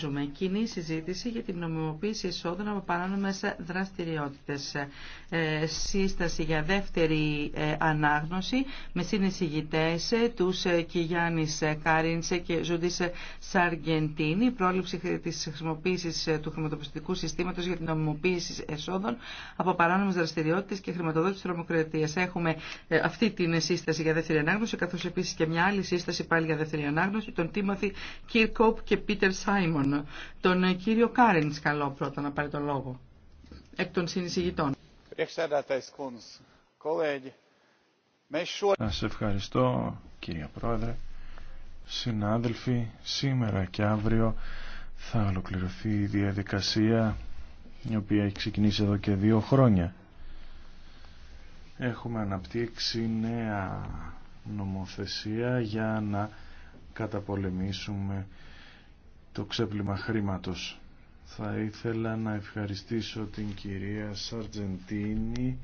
Συνεχίζουμε. Κοινή συζήτηση για την νομιμοποίηση εισόδων από παράνομες δραστηριότητες. Ε, σύσταση για δεύτερη ε, ανάγνωση με συνεισηγητές ε, τους Κιγιάννης Κάριντσε και Ζούντις Σαργεντίνη. Πρόληψη της χρησιμοποίησης του χρηματοπιστικού συστήματος για την νομιμοποίηση εσόδων από παράνομες δραστηριότητες και χρηματοδότηση τρομοκρατίας. Έχουμε αυτή την σύσταση για δεύτερη ανάγνωση, καθώς επίσης και μια άλλη σύσταση πάλι για δεύτερη ανάγνωση, τον Τίμωθη Κίρκοπ και Πίτερ Σάιμον. Τον ε, κύριο Κάρεν καλό πρώτα να πάρει τον λόγο. Εκ των συνεισηγητών. Σας ευχαριστώ κύριε Πρόεδρε. Συνάδελφοι, σήμερα και αύριο θα ολοκληρωθεί η διαδικασία η οποία έχει ξεκινήσει εδώ και δύο χρόνια. Έχουμε αναπτύξει νέα νομοθεσία για να καταπολεμήσουμε το ξέπλυμα χρήματος. Θα ήθελα να ευχαριστήσω την κυρία Σαρτζεντίνη,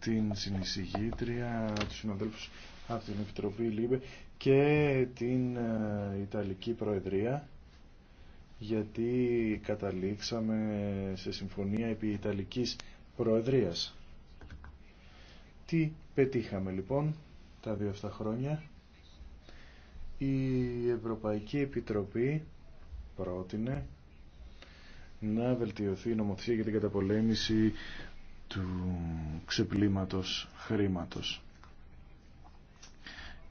την συνεισηγήτρια, τους συναδέλφους από την Επιτροπή ΛΥΜΕ και την ε, Ιταλική Προεδρία γιατί καταλήξαμε σε συμφωνία επί Ιταλικής Προεδρίας. Τι πετύχαμε λοιπόν τα δύο αυτά χρόνια. Η Ευρωπαϊκή Επιτροπή πρότεινε να βελτιωθεί η νομοθεσία για την καταπολέμηση του ξεπλήματος χρήματος.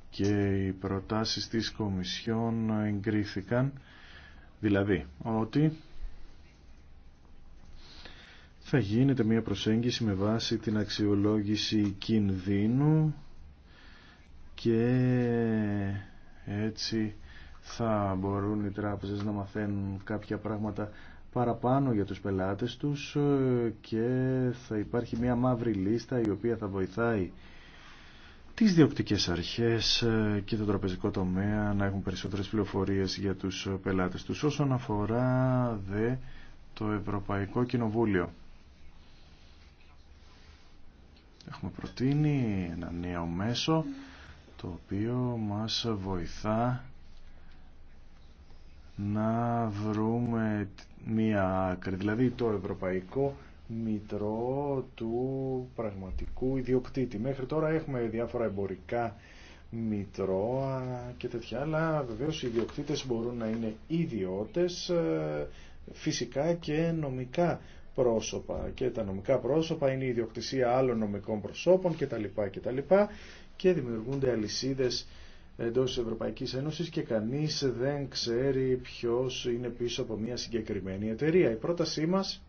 Και οι προτάσεις της Κομισιόν εγκρίθηκαν, δηλαδή ότι θα γίνεται μια προσέγγιση με βάση την αξιολόγηση κινδύνου και έτσι θα μπορούν οι τράπεζες να μαθαίνουν κάποια πράγματα παραπάνω για τους πελάτες τους και θα υπάρχει μια μαύρη λίστα η οποία θα βοηθάει τις διοκτικές αρχές και το τραπεζικό τομέα να έχουν περισσότερες πληροφορίες για τους πελάτες τους όσον αφορά δε το Ευρωπαϊκό Κοινοβούλιο. Έχουμε προτείνει ένα νέο μέσο το οποίο μας βοηθά να βρούμε μία άκρη, δηλαδή το ευρωπαϊκό μητρό του πραγματικού ιδιοκτήτη. Μέχρι τώρα έχουμε διάφορα εμπορικά μητρό και τέτοια άλλα. Βεβαίως οι ιδιοκτήτες μπορούν να είναι ιδιώτες ε, φυσικά και νομικά πρόσωπα και τα νομικά πρόσωπα είναι η ιδιοκτησία άλλων νομικών προσώπων κτλ. κτλ. και δημιουργούνται αλυσίδες εντός Ευρωπαϊκής Ένωσης και κανείς δεν ξέρει ποιος είναι πίσω από μια συγκεκριμένη εταιρεία. Η πρότασή μας,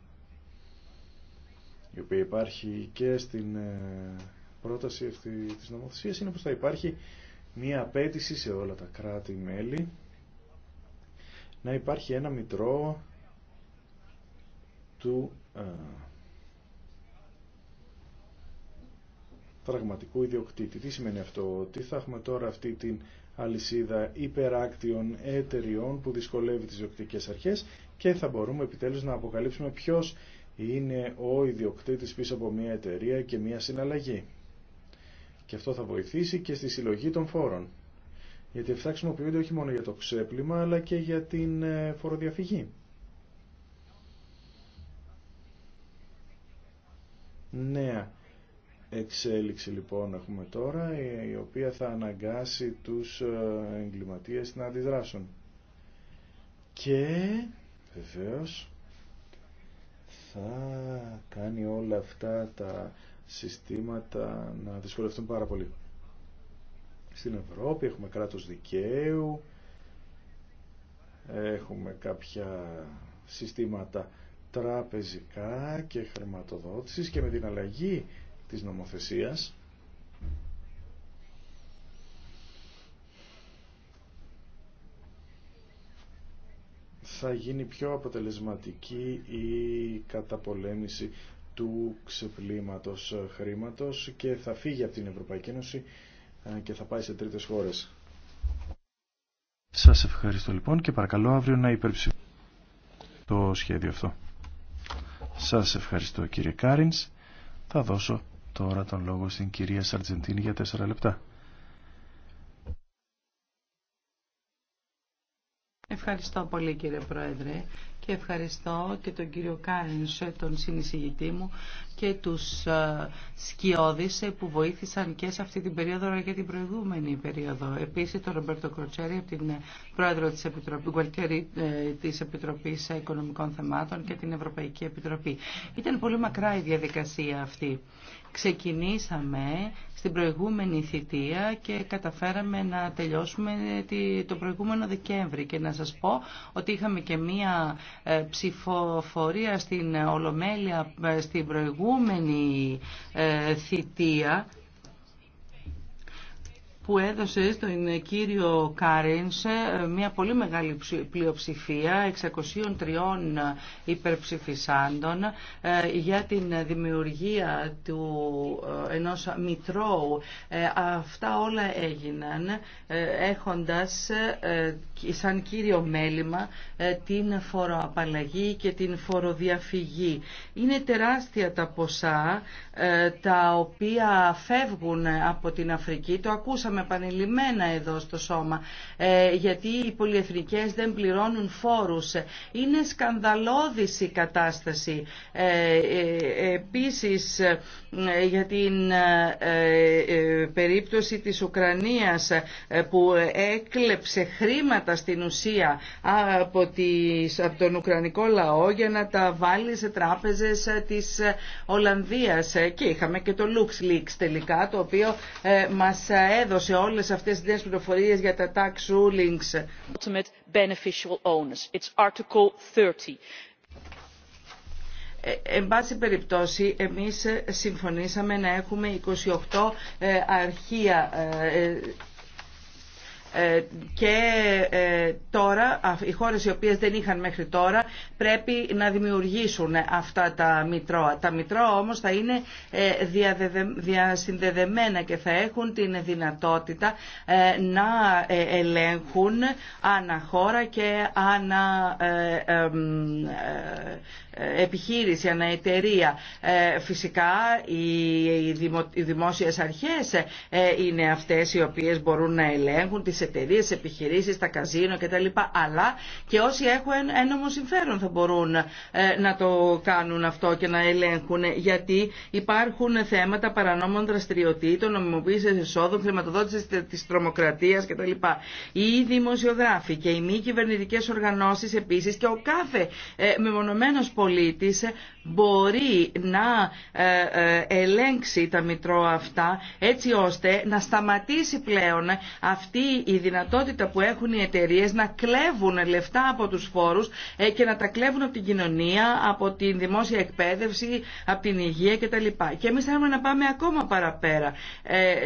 η οποία υπάρχει και στην ε, πρόταση αυτή της νομοθεσίας, είναι πως θα υπάρχει μια απέτηση σε όλα τα κράτη-μέλη να υπάρχει ένα μητρό του ε, πραγματικού ιδιοκτήτη. Τι σημαίνει αυτό, ότι θα έχουμε τώρα αυτή την αλυσίδα υπεράκτιων εταιριών που δυσκολεύει τις ιδιοκτικές αρχές και θα μπορούμε επιτέλους να αποκαλύψουμε ποιος είναι ο ιδιοκτήτης πίσω από μια εταιρεία και μια συναλλαγή. Και αυτό θα βοηθήσει και στη συλλογή των φόρων. Γιατί αυτά χρησιμοποιούνται όχι μόνο για το ξέπλυμα αλλά και για την ε, φοροδιαφυγή. Νέα εξέλιξη λοιπόν έχουμε τώρα η οποία θα αναγκάσει τους ε, εγκληματίες να αντιδράσουν. Και βεβαίω θα κάνει όλα αυτά τα συστήματα να δυσκολευτούν πάρα πολύ. Στην Ευρώπη έχουμε κράτος δικαίου, έχουμε κάποια συστήματα τραπεζικά και χρηματοδότησης και με την αλλαγή της νομοθεσίας. θα γίνει πιο αποτελεσματική η καταπολέμηση του ξεπλήματος χρήματος και θα φύγει από την Ευρωπαϊκή Ένωση ε, και θα πάει σε τρίτες χώρες. Σας ευχαριστώ λοιπόν και παρακαλώ αύριο να υπερψηφίσετε το σχέδιο αυτό. Σας ευχαριστώ κύριε Κάρινς. Θα δώσω τώρα τον λόγο στην κυρία Σαρτζεντίνη για τέσσερα λεπτά. Ευχαριστώ πολύ κύριε Πρόεδρε ευχαριστώ και τον κύριο Κάρινσε, τον συνεισηγητή μου και τους ε, σκιώδης που βοήθησαν και σε αυτή την περίοδο αλλά και την προηγούμενη περίοδο. Επίσης τον Ρομπέρτο Κροτσέρη από την ε, πρόεδρο της Επιτροπής, Γουαλτιέρη, ε, της Επιτροπής Οικονομικών Θεμάτων και την Ευρωπαϊκή Επιτροπή. Ήταν πολύ μακρά η διαδικασία αυτή. Ξεκινήσαμε στην προηγούμενη θητεία και καταφέραμε να τελειώσουμε το προηγούμενο Δεκέμβρη και να σας πω ότι είχαμε και μία ε, ψηφοφορία στην Ολομέλεια ε, στην προηγούμενη ε, θητεία που έδωσε στον κύριο Κάρινς μια πολύ μεγάλη πλειοψηφία 603 υπερψηφισάντων για την δημιουργία του ενός μητρώου. Αυτά όλα έγιναν έχοντας σαν κύριο μέλημα ε, την φοροαπαλλαγή και την φοροδιαφυγή. Είναι τεράστια τα ποσά ε, τα οποία φεύγουν ε, από την Αφρική. Το ακούσαμε επανειλημμένα εδώ στο σώμα γιατί οι πολυεθνικές δεν πληρώνουν φόρους. Είναι σκανδαλώδηση η κατάσταση. Επίσης για την περίπτωση της Ουκρανίας που έκλεψε χρήματα χρήματα στην ουσία από, τον Ουκρανικό λαό για να τα βάλει σε τράπεζες ε, της ε, Ολλανδίας ε, και είχαμε και το LuxLeaks τελικά το οποίο μας έδωσε όλες αυτές τις πληροφορίες για τα tax rulings. Ultimate beneficial owners. εν πάση περιπτώσει, εμείς συμφωνήσαμε να έχουμε 28 αρχεία ε, και ε, τώρα οι χώρες οι οποίες δεν είχαν μέχρι τώρα πρέπει να δημιουργήσουν αυτά τα μητρώα. Τα μητρώα όμως θα είναι ε, διασυνδεδεμένα και θα έχουν την δυνατότητα να ελέγχουν αναχώρα και ανα επιχείρηση, αναεταιρεία. Φυσικά οι δημόσιες αρχές είναι αυτές οι οποίες μπορούν να ελέγχουν τις εταιρείε, επιχειρήσει, τα καζίνο κτλ. Αλλά και όσοι έχουν ένομο συμφέρον θα μπορούν ε, να το κάνουν αυτό και να ελέγχουν. Γιατί υπάρχουν θέματα παρανόμων δραστηριοτήτων, νομιμοποίηση εσόδων, χρηματοδότηση τη τρομοκρατία κτλ. Οι δημοσιογράφοι και οι μη κυβερνητικέ οργανώσει επίση και ο κάθε ε, μεμονωμένο πολίτη μπορεί να ε, ε, ελέγξει τα μητρώα αυτά έτσι ώστε να σταματήσει πλέον αυτή η δυνατότητα που έχουν οι εταιρείε να κλέβουν λεφτά από τους φόρους ε, και να τα κλέβουν από την κοινωνία, από την δημόσια εκπαίδευση, από την υγεία κτλ. Και εμείς θέλουμε να πάμε ακόμα παραπέρα,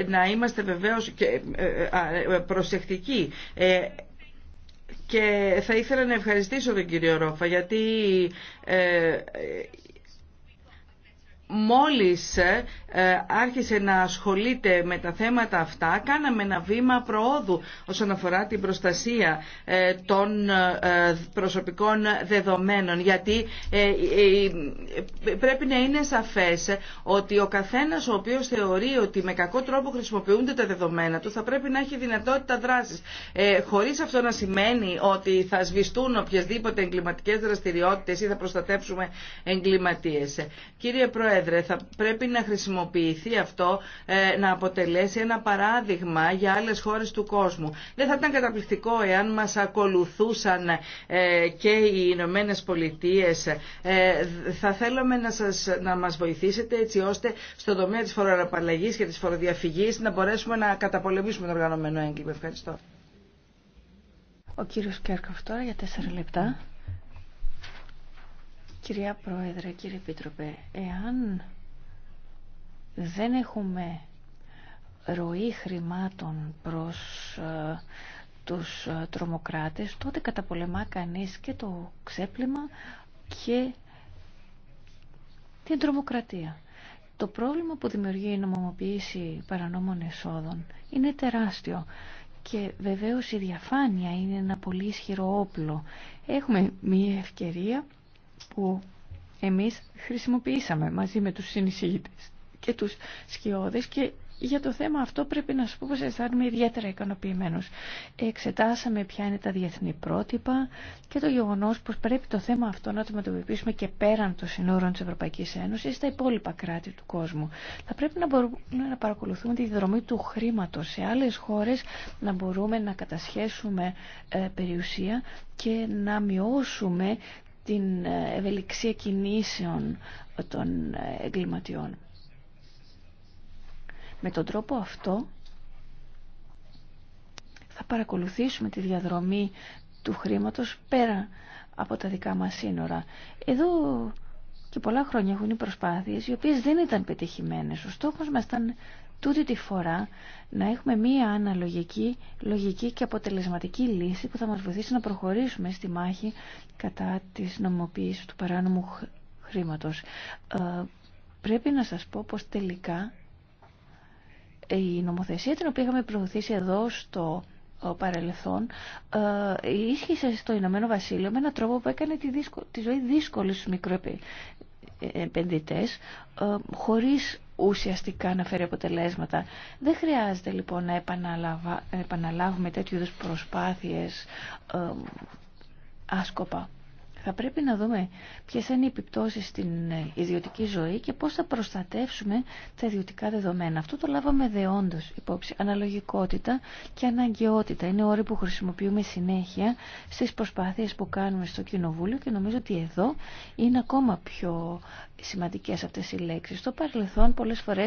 να είμαστε βεβαίως και προσεκτικοί. Και θα ήθελα να ευχαριστήσω τον κύριο Ρόφα γιατί μόλις ε, ε, άρχισε να ασχολείται με τα θέματα αυτά, κάναμε ένα βήμα προόδου όσον αφορά την προστασία ε, των προσωπικών δεδομένων, γιατί πρέπει να είναι σαφές ότι ο καθένας ο οποίος θεωρεί ότι με κακό τρόπο χρησιμοποιούνται τα δεδομένα του θα πρέπει να έχει δυνατότητα δράσης. Χωρίς αυτό να σημαίνει ότι θα σβηστούν οποιασδήποτε εγκληματικές δραστηριότητες ή θα προστατεύσουμε εγκληματίες. Κύριε Πρόεδρε, θα πρέπει να χρησιμοποιηθεί αυτό ε, να αποτελέσει ένα παράδειγμα για άλλες χώρες του κόσμου. Δεν θα ήταν καταπληκτικό εάν μας ακολουθούσαν ε, και οι Ηνωμένε Πολιτείε. Ε, θα θέλαμε να, σας, να μας βοηθήσετε έτσι ώστε στον τομέα της φοροαπαλλαγής και της φοροδιαφυγής να μπορέσουμε να καταπολεμήσουμε το οργανωμένο έγκλημα. Ευχαριστώ. Ο κύριος Κέρκοφ τώρα για τέσσερα λεπτά. Κυρία Πρόεδρε, κύριε Επίτροπε, εάν δεν έχουμε ροή χρημάτων προς ε, τους ε, τρομοκράτες, τότε καταπολεμά κανείς και το ξέπλυμα και την τρομοκρατία. Το πρόβλημα που δημιουργεί η νομοποίηση παρανόμων εσόδων είναι τεράστιο και βεβαίως η διαφάνεια είναι ένα πολύ ισχυρό όπλο. Έχουμε μία ευκαιρία που εμείς χρησιμοποιήσαμε μαζί με τους συνεισήγητες και τους σκιώδες και για το θέμα αυτό πρέπει να σου πω πως αισθάνομαι ιδιαίτερα ικανοποιημένος. Εξετάσαμε ποια είναι τα διεθνή πρότυπα και το γεγονός πως πρέπει το θέμα αυτό να το αντιμετωπίσουμε και πέραν των συνόρων της Ευρωπαϊκής Ένωσης στα υπόλοιπα κράτη του κόσμου. Θα πρέπει να μπορούμε να παρακολουθούμε τη δρομή του χρήματος σε άλλες χώρες, να μπορούμε να κατασχέσουμε ε, περιουσία και να μειώσουμε την ε, ευελιξία κινήσεων των ε, εγκληματιών. Με τον τρόπο αυτό θα παρακολουθήσουμε τη διαδρομή του χρήματος πέρα από τα δικά μας σύνορα. Εδώ και πολλά χρόνια έχουν οι προσπάθειες οι οποίες δεν ήταν πετυχημένες. Ο στόχος μας ήταν τούτη τη φορά να έχουμε μία αναλογική, λογική και αποτελεσματική λύση που θα μας βοηθήσει να προχωρήσουμε στη μάχη κατά της νομοποίησης του παράνομου χρήματος. Ε, πρέπει να σας πω πως τελικά η νομοθεσία την οποία είχαμε προωθήσει εδώ στο ε, παρελθόν ε, ίσχυσε στο Ηνωμένο Βασίλειο με έναν τρόπο που έκανε τη, τη ζωή δύσκολη στους μικροεπενδυτές ε, χωρίς ουσιαστικά να φέρει αποτελέσματα. Δεν χρειάζεται λοιπόν να επαναλάβουμε τέτοιου είδους προσπάθειες ε, άσκοπα. Θα πρέπει να δούμε ποιε θα είναι οι επιπτώσει στην ιδιωτική ζωή και πώς θα προστατεύσουμε τα ιδιωτικά δεδομένα. Αυτό το λάβαμε δεόντως υπόψη. Αναλογικότητα και αναγκαιότητα είναι όροι που χρησιμοποιούμε συνέχεια στις προσπάθειες που κάνουμε στο Κοινοβούλιο και νομίζω ότι εδώ είναι ακόμα πιο σημαντικέ αυτέ οι λέξει. Στο παρελθόν πολλέ φορέ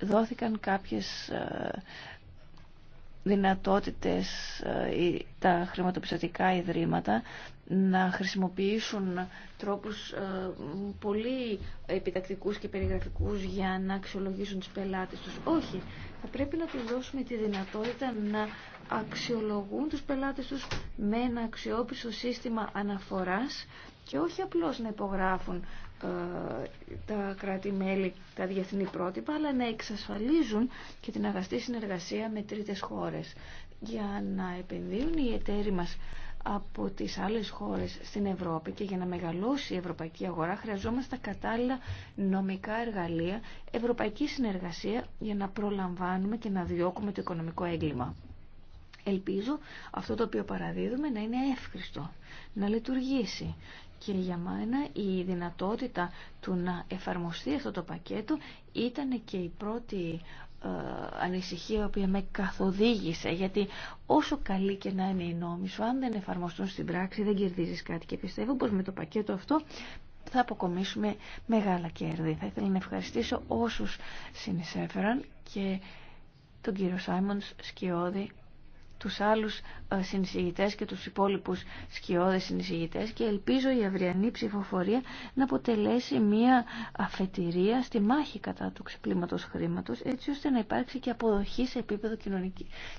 δόθηκαν κάποιες ε, δυνατότητες ε, τα χρηματοπιστωτικά ιδρύματα να χρησιμοποιήσουν τρόπους ε, πολύ επιτακτικούς και περιγραφικούς για να αξιολογήσουν τις πελάτες τους. Όχι, θα πρέπει να τους δώσουμε τη δυνατότητα να αξιολογούν τους πελάτες τους με ένα αξιόπιστο σύστημα αναφοράς και όχι απλώς να υπογράφουν ε, τα κράτη-μέλη τα διεθνή πρότυπα, αλλά να εξασφαλίζουν και την αγαστή συνεργασία με τρίτες χώρες για να επενδύουν οι εταίροι μας από τις άλλες χώρες στην Ευρώπη και για να μεγαλώσει η ευρωπαϊκή αγορά χρειαζόμαστε κατάλληλα νομικά εργαλεία, ευρωπαϊκή συνεργασία για να προλαμβάνουμε και να διώκουμε το οικονομικό έγκλημα. Ελπίζω αυτό το οποίο παραδίδουμε να είναι εύχριστο, να λειτουργήσει και για μένα η δυνατότητα του να εφαρμοστεί αυτό το πακέτο ήταν και η πρώτη ε, ανησυχία η οποία με καθοδήγησε γιατί όσο καλή και να είναι η νόμη σου αν δεν εφαρμοστούν στην πράξη δεν κερδίζεις κάτι και πιστεύω πως με το πακέτο αυτό θα αποκομίσουμε μεγάλα κέρδη. Θα ήθελα να ευχαριστήσω όσους συνεισέφεραν και τον κύριο Σάιμονς Σκιώδη τους άλλους ε, συνεισηγητές και τους υπόλοιπους σκιώδες συνεισηγητές και ελπίζω η αυριανή ψηφοφορία να αποτελέσει μια αφετηρία στη μάχη κατά του ξεπλήματος χρήματος έτσι ώστε να υπάρξει και αποδοχή σε επίπεδο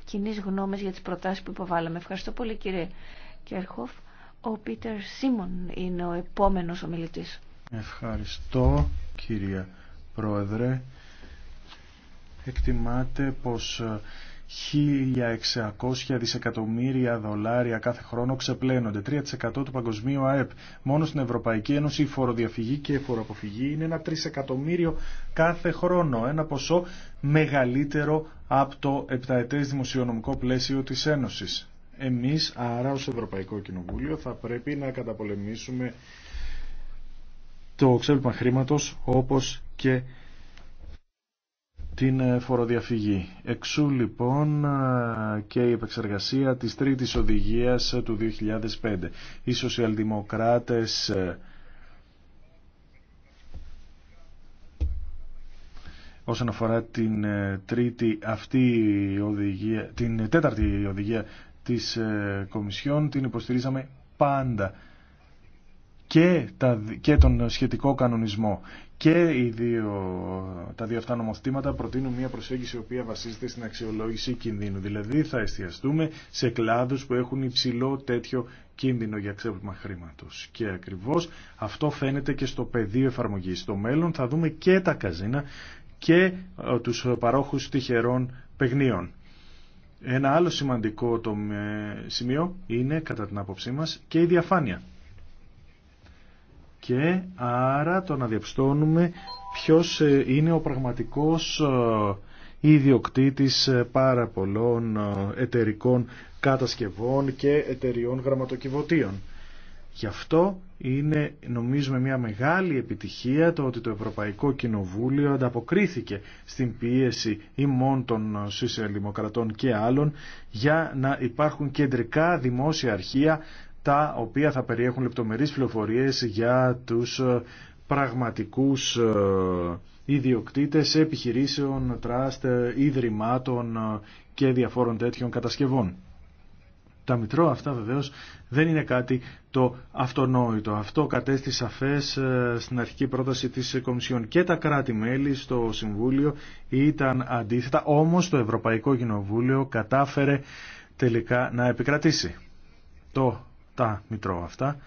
κοινή γνώμης για τις προτάσεις που υποβάλαμε. Ευχαριστώ πολύ κύριε Κέρχοφ. Ο Πίτερ Σίμον είναι ο επόμενος ομιλητής. Ευχαριστώ κύριε Πρόεδρε. Εκτιμάται πως ε, 1.600 δισεκατομμύρια δολάρια κάθε χρόνο ξεπλένονται. 3% του παγκοσμίου ΑΕΠ. Μόνο στην Ευρωπαϊκή Ένωση η φοροδιαφυγή και η φοροαποφυγή είναι ένα τρισεκατομμύριο κάθε χρόνο. Ένα ποσό μεγαλύτερο από το επταετές δημοσιονομικό πλαίσιο της Ένωση. Εμείς, άρα ω Ευρωπαϊκό Κοινοβούλιο, θα πρέπει να καταπολεμήσουμε το ξέπλυμα χρήματο όπω και την ε, φοροδιαφυγή. Εξού λοιπόν ε, και η επεξεργασία της τρίτης οδηγίας ε, του 2005. Οι σοσιαλδημοκράτες όσον αφορά την τρίτη αυτή οδηγία, την τέταρτη οδηγία της Κομισιόν την υποστηρίζαμε πάντα και, τα, και τον σχετικό κανονισμό και οι δύο, τα δύο αυτά νομοθετήματα προτείνουν μια προσέγγιση η οποία βασίζεται στην αξιολόγηση κινδύνου. Δηλαδή θα εστιαστούμε σε κλάδους που έχουν υψηλό τέτοιο κίνδυνο για ξέπλυμα χρήματο. Και ακριβώς αυτό φαίνεται και στο πεδίο εφαρμογής. Στο μέλλον θα δούμε και τα καζίνα και ε, τους παρόχους τυχερών παιγνίων. Ένα άλλο σημαντικό σημείο είναι, κατά την άποψή μας, και η διαφάνεια και άρα το να διαπιστώνουμε ποιος ε, είναι ο πραγματικός ε, ιδιοκτήτης ε, πάρα πολλών εταιρικών κατασκευών και εταιριών γραμματοκιβωτίων. Γι' αυτό είναι νομίζουμε μια μεγάλη επιτυχία το ότι το Ευρωπαϊκό Κοινοβούλιο ανταποκρίθηκε στην πίεση ημών των σοσιαλδημοκρατών και άλλων για να υπάρχουν κεντρικά δημόσια αρχεία τα οποία θα περιέχουν λεπτομερείς πληροφορίες για τους ε, πραγματικούς ε, ιδιοκτήτες επιχειρήσεων, τραστ, ε, ιδρυμάτων και διαφόρων τέτοιων κατασκευών. Τα μητρώα αυτά βεβαίως δεν είναι κάτι το αυτονόητο. Αυτό κατέστη σαφές στην αρχική πρόταση της Κομισιόν και τα κράτη-μέλη στο Συμβούλιο ήταν αντίθετα, όμως το Ευρωπαϊκό Κοινοβούλιο κατάφερε τελικά να επικρατήσει. Το τα μητρώ αυτά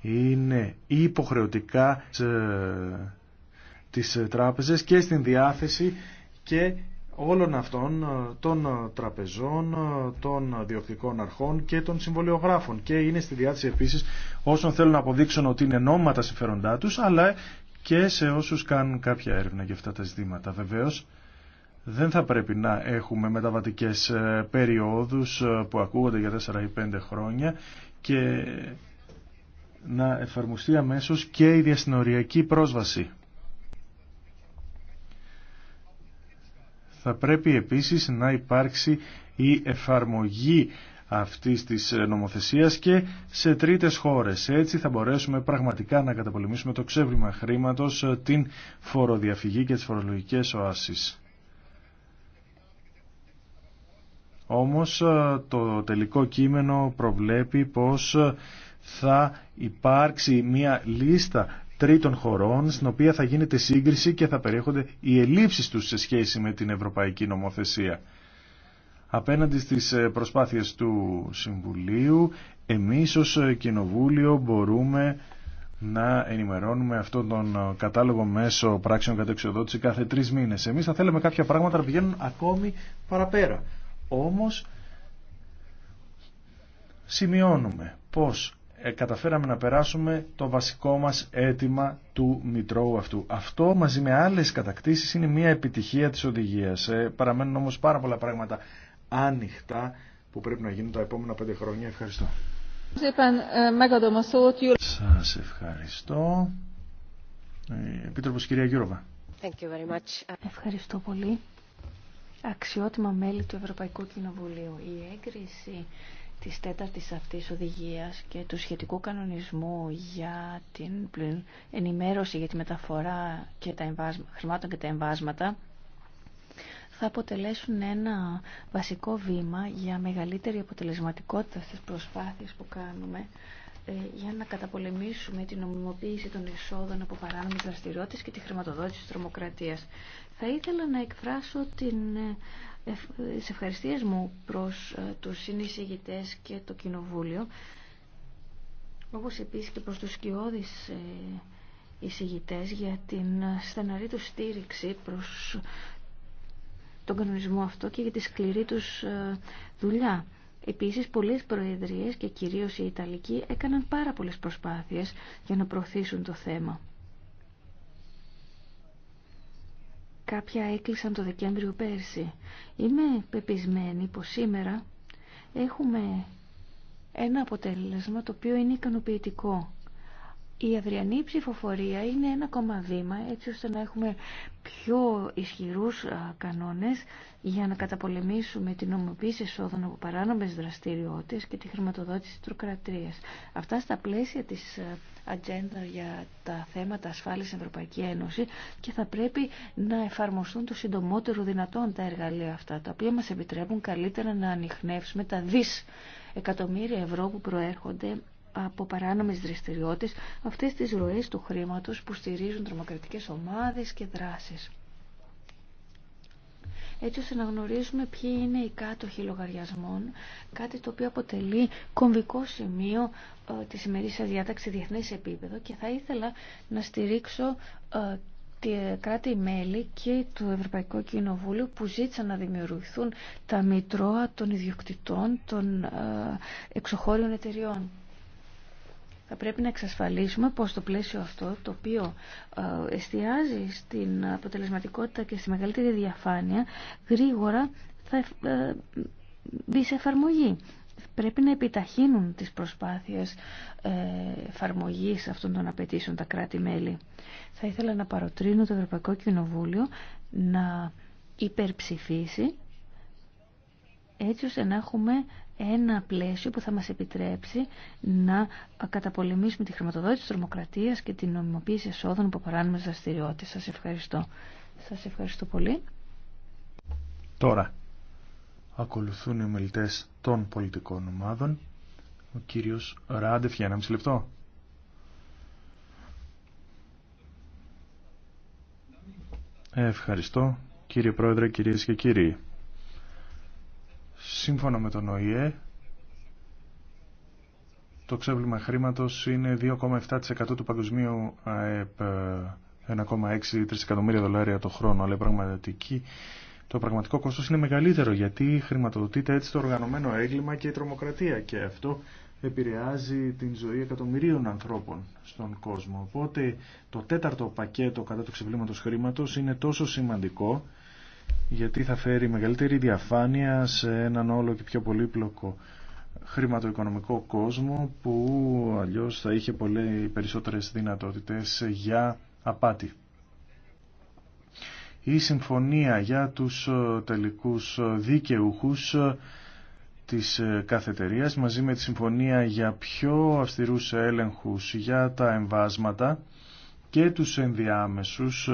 είναι υποχρεωτικά ε, τις ε, τράπεζες και στην διάθεση και όλων αυτών ε, των τραπεζών, των διοκτικών αρχών και των συμβολιογράφων και είναι στη διάθεση επίσης όσων θέλουν να αποδείξουν ότι είναι νόμιμα τα συμφέροντά τους αλλά και σε όσους κάνουν κάποια έρευνα για αυτά τα ζητήματα. Βεβαίως δεν θα πρέπει να έχουμε μεταβατικές περιόδους που ακούγονται για 4 ή 5 χρόνια και να εφαρμοστεί αμέσως και η διασυνοριακή πρόσβαση. Θα πρέπει επίσης να υπάρξει η εφαρμογή αυτής της νομοθεσίας και σε τρίτες χώρες. Έτσι θα μπορέσουμε πραγματικά να καταπολεμήσουμε το ξέβλημα χρήματος, ε, την φοροδιαφυγή και τις φορολογικές οάσεις. Όμως ε, το τελικό κείμενο προβλέπει πως ε, θα υπάρξει μια λίστα τρίτων χωρών στην οποία θα γίνεται σύγκριση και θα περιέχονται οι ελλείψεις τους σε σχέση με την ευρωπαϊκή νομοθεσία. Απέναντι στις ε, προσπάθειες του Συμβουλίου, εμείς ως Κοινοβούλιο μπορούμε να ενημερώνουμε αυτόν τον κατάλογο μέσω πράξεων κατεξοδότηση κάθε τρεις μήνες. Εμείς θα θέλαμε κάποια πράγματα να πηγαίνουν ακόμη παραπέρα. Όμως σημειώνουμε πως ε, καταφέραμε να περάσουμε το βασικό μας αίτημα του Μητρώου αυτού. Αυτό μαζί με άλλες κατακτήσεις είναι μια επιτυχία της οδηγίας. Ε, παραμένουν όμως πάρα πολλά πράγματα άνοιχτα που πρέπει να γίνουν τα επόμενα πέντε χρόνια. Ευχαριστώ. Ε, Σας ευχαριστώ. Επίτροπος κυρία Γιούροβα. Ευχαριστώ πολύ. Αξιότιμα μέλη του Ευρωπαϊκού Κοινοβουλίου, η έγκριση της τέταρτης αυτής οδηγίας και του σχετικού κανονισμού για την ενημέρωση για τη μεταφορά και τα χρημάτων και τα εμβάσματα θα αποτελέσουν ένα βασικό βήμα για μεγαλύτερη αποτελεσματικότητα στις προσπάθειες που κάνουμε ε, για να καταπολεμήσουμε την νομιμοποίηση των εισόδων από παράνομες δραστηριότητες και τη χρηματοδότηση της τρομοκρατίας. Θα ήθελα να εκφράσω την ε, τις μου προς ε, τους συνεισηγητές και το Κοινοβούλιο όπως επίσης και προς τους σκιώδεις ε, εισηγητές για την στεναρή του στήριξη προς τον κανονισμό αυτό και για τη σκληρή τους δουλειά. Επίσης, πολλές προεδρίες και κυρίως οι Ιταλικοί έκαναν πάρα πολλές προσπάθειες για να προωθήσουν το θέμα. Κάποια έκλεισαν το Δεκέμβριο πέρσι. Είμαι πεπισμένη πως σήμερα έχουμε ένα αποτέλεσμα το οποίο είναι ικανοποιητικό η αυριανή ψηφοφορία είναι ένα ακόμα βήμα έτσι ώστε να έχουμε πιο ισχυρούς κανόνες για να καταπολεμήσουμε την νομοποίηση εσόδων από παράνομες δραστηριότητες και τη χρηματοδότηση της τροκρατρίας. Αυτά στα πλαίσια της ατζέντα για τα θέματα ασφάλειας στην Ευρωπαϊκή Ένωση και θα πρέπει να εφαρμοστούν το συντομότερο δυνατόν τα εργαλεία αυτά, τα οποία μας επιτρέπουν καλύτερα να ανοιχνεύσουμε τα δις εκατομμύρια ευρώ που προέρχονται από παράνομες δραστηριότητες αυτές τις ροές του χρήματος που στηρίζουν τρομοκρατικές ομάδες και δράσεις. Έτσι ώστε να γνωρίζουμε ποιοι είναι οι κάτοχοι λογαριασμών, κάτι το οποίο αποτελεί κομβικό σημείο ε, της ημερήσιας διάταξης σε επίπεδο και θα ήθελα να στηρίξω ε, κράτη-μέλη και του Ευρωπαϊκού Κοινοβούλου που ζήτησαν να δημιουργηθούν τα μητρώα των ιδιοκτητών των ε, εξωχώριων εταιριών. Θα πρέπει να εξασφαλίσουμε πως το πλαίσιο αυτό, το οποίο ε, εστιάζει στην αποτελεσματικότητα και στη μεγαλύτερη διαφάνεια, γρήγορα θα ε, μπει σε εφαρμογή. Πρέπει να επιταχύνουν τις προσπάθειες ε, εφαρμογή αυτών των απαιτήσεων τα κράτη-μέλη. Θα ήθελα να παροτρύνω το Ευρωπαϊκό Κοινοβούλιο να υπερψηφίσει έτσι ώστε να έχουμε ένα πλαίσιο που θα μας επιτρέψει να καταπολεμήσουμε τη χρηματοδότηση της τρομοκρατίας και την νομιμοποίηση εσόδων από παράνομες δραστηριότητες. Σας ευχαριστώ. Σας ευχαριστώ πολύ. Τώρα ακολουθούν οι ομιλητές των πολιτικών ομάδων. Ο κύριος Ράντεφ για ένα μισή λεπτό. Ευχαριστώ κύριε Πρόεδρε, κυρίες και κύριοι σύμφωνα με τον ΟΗΕ, το ξέβλημα χρήματος είναι 2,7% του παγκοσμίου ΑΕΠ, 1,6 τρισεκατομμύρια δολάρια το χρόνο, αλλά πραγματική, το πραγματικό κόστος είναι μεγαλύτερο, γιατί χρηματοδοτείται έτσι το οργανωμένο έγκλημα και η τρομοκρατία και αυτό επηρεάζει την ζωή εκατομμυρίων ανθρώπων στον κόσμο. Οπότε το τέταρτο πακέτο κατά του ξεβλήματος χρήματος είναι τόσο σημαντικό γιατί θα φέρει μεγαλύτερη διαφάνεια σε έναν όλο και πιο πολύπλοκο χρηματοοικονομικό κόσμο που αλλιώς θα είχε πολύ περισσότερες δυνατότητες για απάτη. Η συμφωνία για τους ε, τελικούς ε, δικαιούχους ε, της κάθε μαζί με τη συμφωνία για πιο αυστηρούς έλεγχους για τα εμβάσματα και τους ενδιάμεσους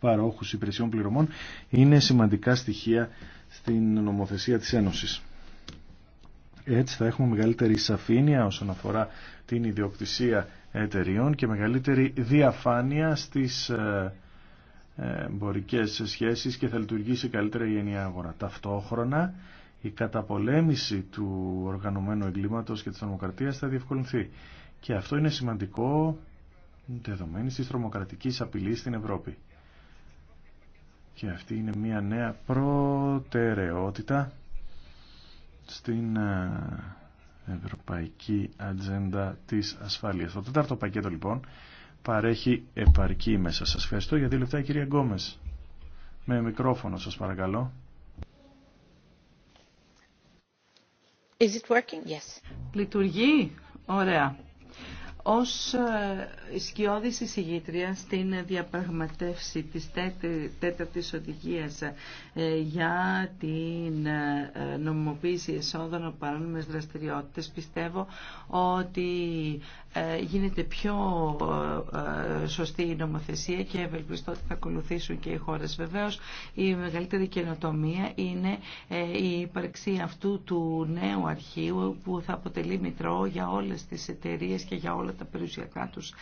παρόχους υπηρεσιών πληρωμών είναι σημαντικά στοιχεία στην νομοθεσία της Ένωσης. Έτσι θα έχουμε μεγαλύτερη σαφήνεια όσον αφορά την ιδιοκτησία εταιριών και μεγαλύτερη διαφάνεια στις ε, ε, εμπορικέ σχέσεις και θα λειτουργήσει καλύτερα η ενιαία αγορά. Ταυτόχρονα η καταπολέμηση του οργανωμένου εγκλήματος και της νομοκρατίας θα διευκολυνθεί. Και αυτό είναι σημαντικό δεδομένης της τρομοκρατικής απειλής στην Ευρώπη. Και αυτή είναι μια νέα προτεραιότητα στην ε, Ευρωπαϊκή Ατζέντα της Ασφάλειας. Το τέταρτο πακέτο λοιπόν παρέχει επαρκή μέσα. Σας ευχαριστώ για δύο λεπτά κυρία Γκόμες. Με μικρόφωνο σας παρακαλώ. Is it working? Yes. Λειτουργεί. Ωραία ως ε, σκιώδης εισηγήτρια στην διαπραγματεύση της τέταρτης οδηγίας ε, για την ε, νομιμοποίηση εσόδων από παράνομε δραστηριότητες πιστεύω ότι ε, γίνεται πιο ε, ε, σωστή η νομοθεσία και ευελπιστώ ότι θα ακολουθήσουν και οι χώρες. Βεβαίως η μεγαλύτερη καινοτομία είναι η ύπαρξη αυτού του νέου αρχείου που θα αποτελεί μητρό για όλες τις εταιρείε και για όλα τα περιουσιακά τους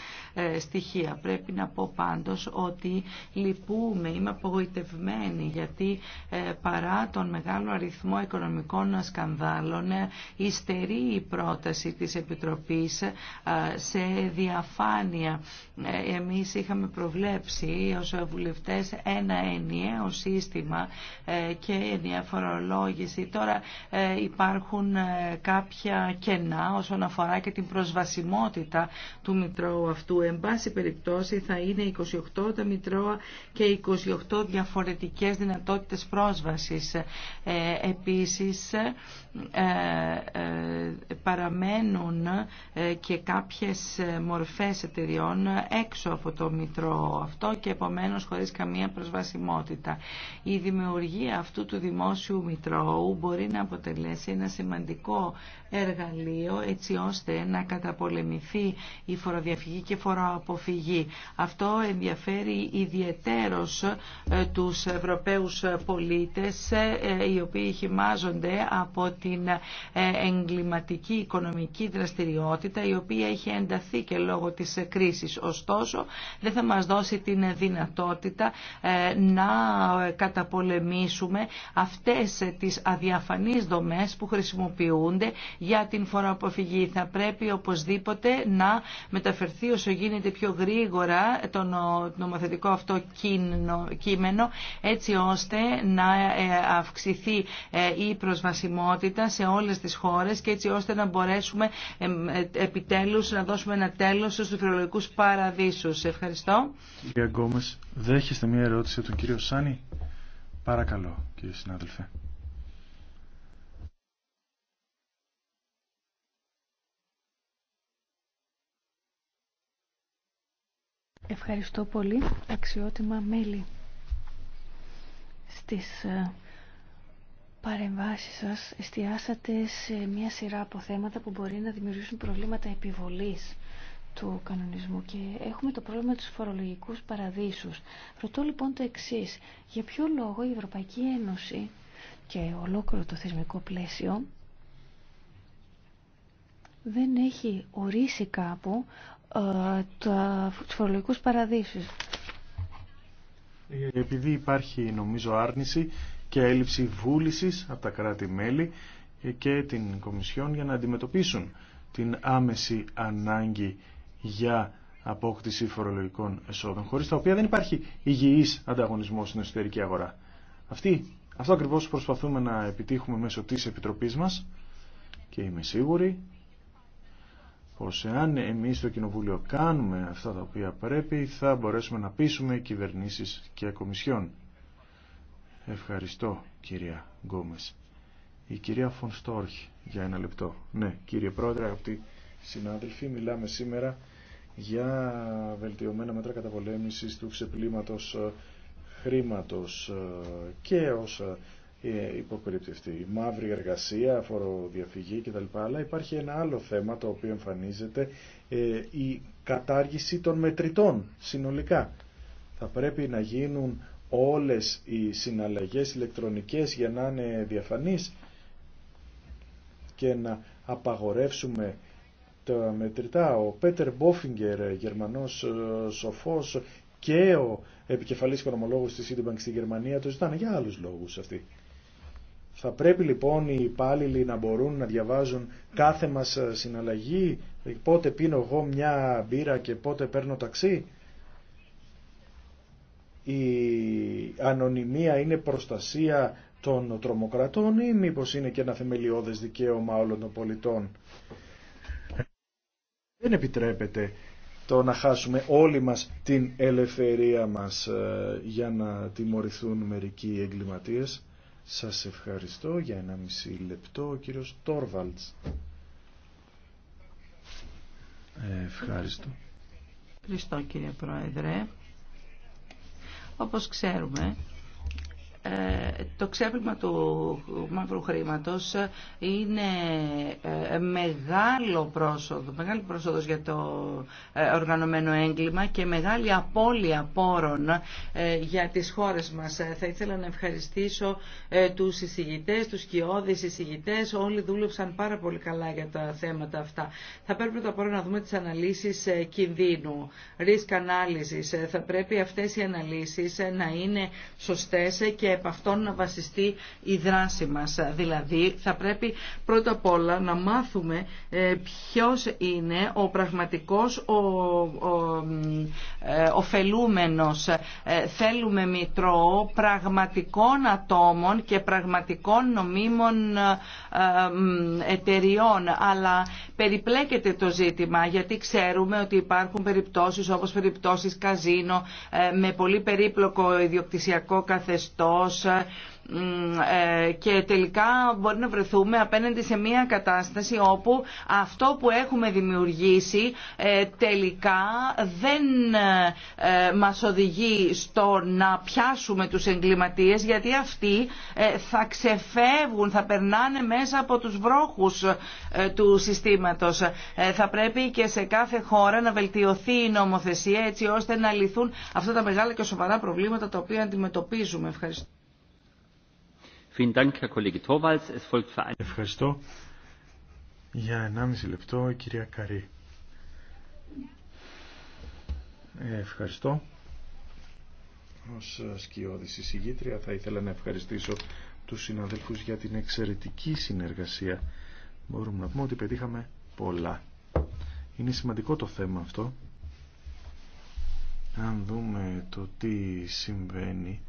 στοιχεία. Πρέπει να πω πάντως ότι λυπούμε, είμαι απογοητευμένη γιατί παρά τον μεγάλο αριθμό οικονομικών σκανδάλων υστερεί η πρόταση της Επιτροπής σε διαφάνεια. Ε, εμείς είχαμε προβλέψει ως βουλευτές ένα ενιαίο σύστημα ε, και ενιαία φορολόγηση. Τώρα ε, υπάρχουν κάποια κενά όσον αφορά και την προσβασιμότητα του Μητρώου αυτού. Εν πάση περιπτώσει θα είναι 28 τα Μητρώα και 28 διαφορετικές δυνατότητες πρόσβασης. Επίσης παραμένουν και κάποια κάποιες ε, μορφές εταιριών έξω από το μητρό αυτό και επομένως χωρίς καμία προσβασιμότητα. Η δημιουργία αυτού του δημόσιου μητρώου μπορεί να αποτελέσει ένα σημαντικό εργαλείο έτσι ώστε να καταπολεμηθεί η φοροδιαφυγή και φοροαποφυγή. Αυτό ενδιαφέρει ιδιαιτέρως ε, τους Ευρωπαίους πολίτες ε, οι οποίοι χυμάζονται από την εγκληματική οικονομική δραστηριότητα η οποία είχε ενταθεί και λόγω της κρίσης. Ωστόσο, δεν θα μας δώσει την δυνατότητα ε, να καταπολεμήσουμε αυτές τις αδιαφανείς δομές που χρησιμοποιούνται για την φοροαποφυγή. Θα πρέπει οπωσδήποτε να μεταφερθεί όσο γίνεται πιο γρήγορα το νομοθετικό αυτό κείμενο έτσι ώστε να ε, αυξηθεί ε, η προσβασιμότητα σε όλες τις χώρες και έτσι ώστε να μπορέσουμε επιτέλους να δώσουμε ένα τέλος στους φιλολογικούς παραδείσους. Ευχαριστώ. Κύριε Γκόμες, δέχεστε μια ερώτηση από τον κύριο Σάνι. Παρακαλώ, κύριε συνάδελφε. Ευχαριστώ πολύ, αξιότιμα μέλη. Στις ε, παρεμβάσεις σας εστιάσατε σε μια σειρά από θέματα που μπορεί να δημιουργήσουν προβλήματα επιβολής του κανονισμού και έχουμε το πρόβλημα τους φορολογικούς παραδείσους. Ρωτώ λοιπόν το εξής. Για ποιο λόγο η Ευρωπαϊκή Ένωση και ολόκληρο το θεσμικό πλαίσιο δεν έχει ορίσει κάπου ε, τα, τους φορολογικούς παραδείσους. Ε, επειδή υπάρχει νομίζω άρνηση και έλλειψη βούλησης από τα κράτη-μέλη και την Κομισιόν για να αντιμετωπίσουν την άμεση ανάγκη για απόκτηση φορολογικών εσόδων, χωρίς τα οποία δεν υπάρχει υγιής ανταγωνισμός στην εσωτερική αγορά. Αυτή, αυτό ακριβώς προσπαθούμε να επιτύχουμε μέσω της Επιτροπής μας και είμαι σίγουρη πως εάν εμείς στο Κοινοβούλιο κάνουμε αυτά τα οποία πρέπει θα μπορέσουμε να πείσουμε κυβερνήσεις και κομισιόν. Ευχαριστώ, κυρία Γκόμες. Η κυρία Φωνστόρχ, για ένα λεπτό. Ναι, κύριε Πρόεδρε, αγαπητοί συνάδελφοι, μιλάμε σήμερα για βελτιωμένα μέτρα καταπολέμησης του ξεπλήματος ε, χρήματος ε, και όσα ε, υποκρύπτει η μαύρη εργασία, φοροδιαφυγή κτλ. Αλλά υπάρχει ένα άλλο θέμα το οποίο εμφανίζεται, η κατάργηση των μετρητών συνολικά. Θα πρέπει να γίνουν όλες οι συναλλαγές ηλεκτρονικές για να είναι διαφανείς και να απαγορεύσουμε τα μετρητά. Ο Πέτερ Μπόφιγκερ, γερμανός ε, σοφός και ο επικεφαλής οικονομολόγος της Citibank στη Γερμανία το ζητάνε για άλλους λόγους αυτοί. Θα πρέπει λοιπόν οι υπάλληλοι να μπορούν να διαβάζουν κάθε μας συναλλαγή, πότε πίνω εγώ μια μπύρα και πότε παίρνω ταξί η ανωνυμία είναι προστασία των τρομοκρατών ή μήπως είναι και ένα θεμελιώδες δικαίωμα όλων των πολιτών. Δεν επιτρέπεται το να χάσουμε όλοι μας την ελευθερία μας ε, για να τιμωρηθούν μερικοί εγκληματίες. Σας ευχαριστώ για ένα μισή λεπτό, ο κύριος Τόρβαλτς. Ευχαριστώ. Ευχαριστώ κύριε Πρόεδρε. Όπως ξέρουμε, ε, το ξέπλυμα του μαύρου χρήματος είναι ε, μεγάλο πρόσοδο, μεγάλη πρόσοδος για το ε, οργανωμένο έγκλημα και μεγάλη απώλεια πόρων για τις χώρες μας. Θα ήθελα να ευχαριστήσω τους εισηγητές, τους κοιόδης εισηγητές, όλοι δούλεψαν πάρα πολύ καλά για τα θέματα αυτά. Θα πρέπει πρώτα να δούμε τις αναλύσεις κινδύνου, risk analysis. Θα πρέπει αυτές οι αναλύσεις να είναι σωστές και επ' αυτόν να βασιστεί η δράση μας. Δηλαδή θα πρέπει πρώτα απ' όλα να μάθουμε ε, ποιος είναι ο πραγματικός ο, ε, ε, Θέλουμε μητρό πραγματικών ατόμων και πραγματικών νομίμων εταιριών. Αλλά περιπλέκεται το ζήτημα γιατί ξέρουμε ότι υπάρχουν περιπτώσεις όπως περιπτώσεις καζίνο με πολύ περίπλοκο ιδιοκτησιακό καθεστώς καθώς ε, και τελικά μπορεί να βρεθούμε απέναντι σε μια κατάσταση όπου αυτό που έχουμε δημιουργήσει ε, τελικά δεν ε, μας οδηγεί στο να πιάσουμε τους εγκληματίες γιατί αυτοί θα ξεφεύγουν, θα περνάνε μέσα από τους βρόχους του συστήματος. Θα πρέπει και σε κάθε χώρα να βελτιωθεί η νομοθεσία έτσι ώστε να λυθούν αυτά τα μεγάλα και σοβαρά προβλήματα τα οποία αντιμετωπίζουμε. Ευχαριστώ. Ευχαριστώ. Για 1,5 λεπτό η κυρία Καρή. Ε, ευχαριστώ. Ως ε, σκιώδης εισηγήτρια θα ήθελα να ευχαριστήσω τους συναδέλφους για την εξαιρετική συνεργασία. Μπορούμε να πούμε ότι πετύχαμε πολλά. Είναι σημαντικό το θέμα αυτό. Αν δούμε το τι συμβαίνει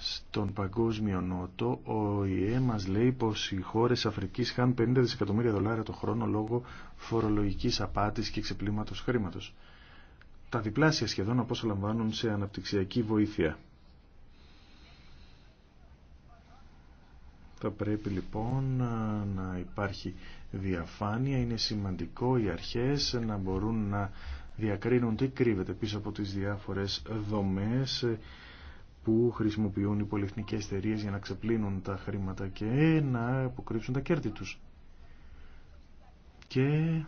στον Παγκόσμιο Νότο, ο ΙΕ μας λέει πως οι χώρες Αφρικής χάνουν 50 δισεκατομμύρια δολάρια το χρόνο λόγω φορολογικής απάτης και ξεπλήματος χρήματος. Τα διπλάσια σχεδόν από λαμβάνουν σε αναπτυξιακή βοήθεια. Θα πρέπει λοιπόν να υπάρχει διαφάνεια. Είναι σημαντικό οι αρχές να μπορούν να διακρίνουν τι κρύβεται πίσω από τις διάφορες δομές που χρησιμοποιούν οι πολυεθνικές εταιρείε για να ξεπλύνουν τα χρήματα και να αποκρύψουν τα κέρδη τους. Και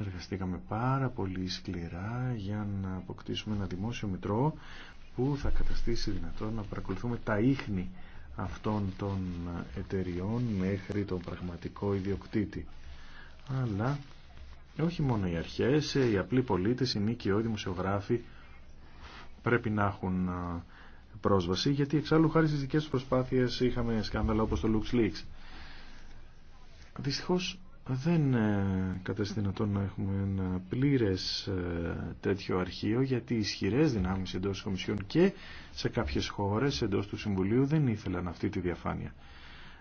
εργαστήκαμε πάρα πολύ σκληρά για να αποκτήσουμε ένα δημόσιο μητρό που θα καταστήσει δυνατόν να παρακολουθούμε τα ίχνη αυτών των εταιριών μέχρι τον πραγματικό ιδιοκτήτη. Αλλά όχι μόνο οι αρχές, οι απλοί πολίτες, οι και οι δημοσιογράφοι πρέπει να έχουν πρόσβαση γιατί εξάλλου χάρη στις δικές προσπάθειες είχαμε σκάνδαλα όπως το LuxLeaks. Δυστυχώς δεν ε, κατέστη δυνατόν να έχουμε ένα πλήρες ε, τέτοιο αρχείο γιατί οι ισχυρές δυνάμεις εντός της Κομισιόν και σε κάποιες χώρες εντός του Συμβουλίου δεν ήθελαν αυτή τη διαφάνεια.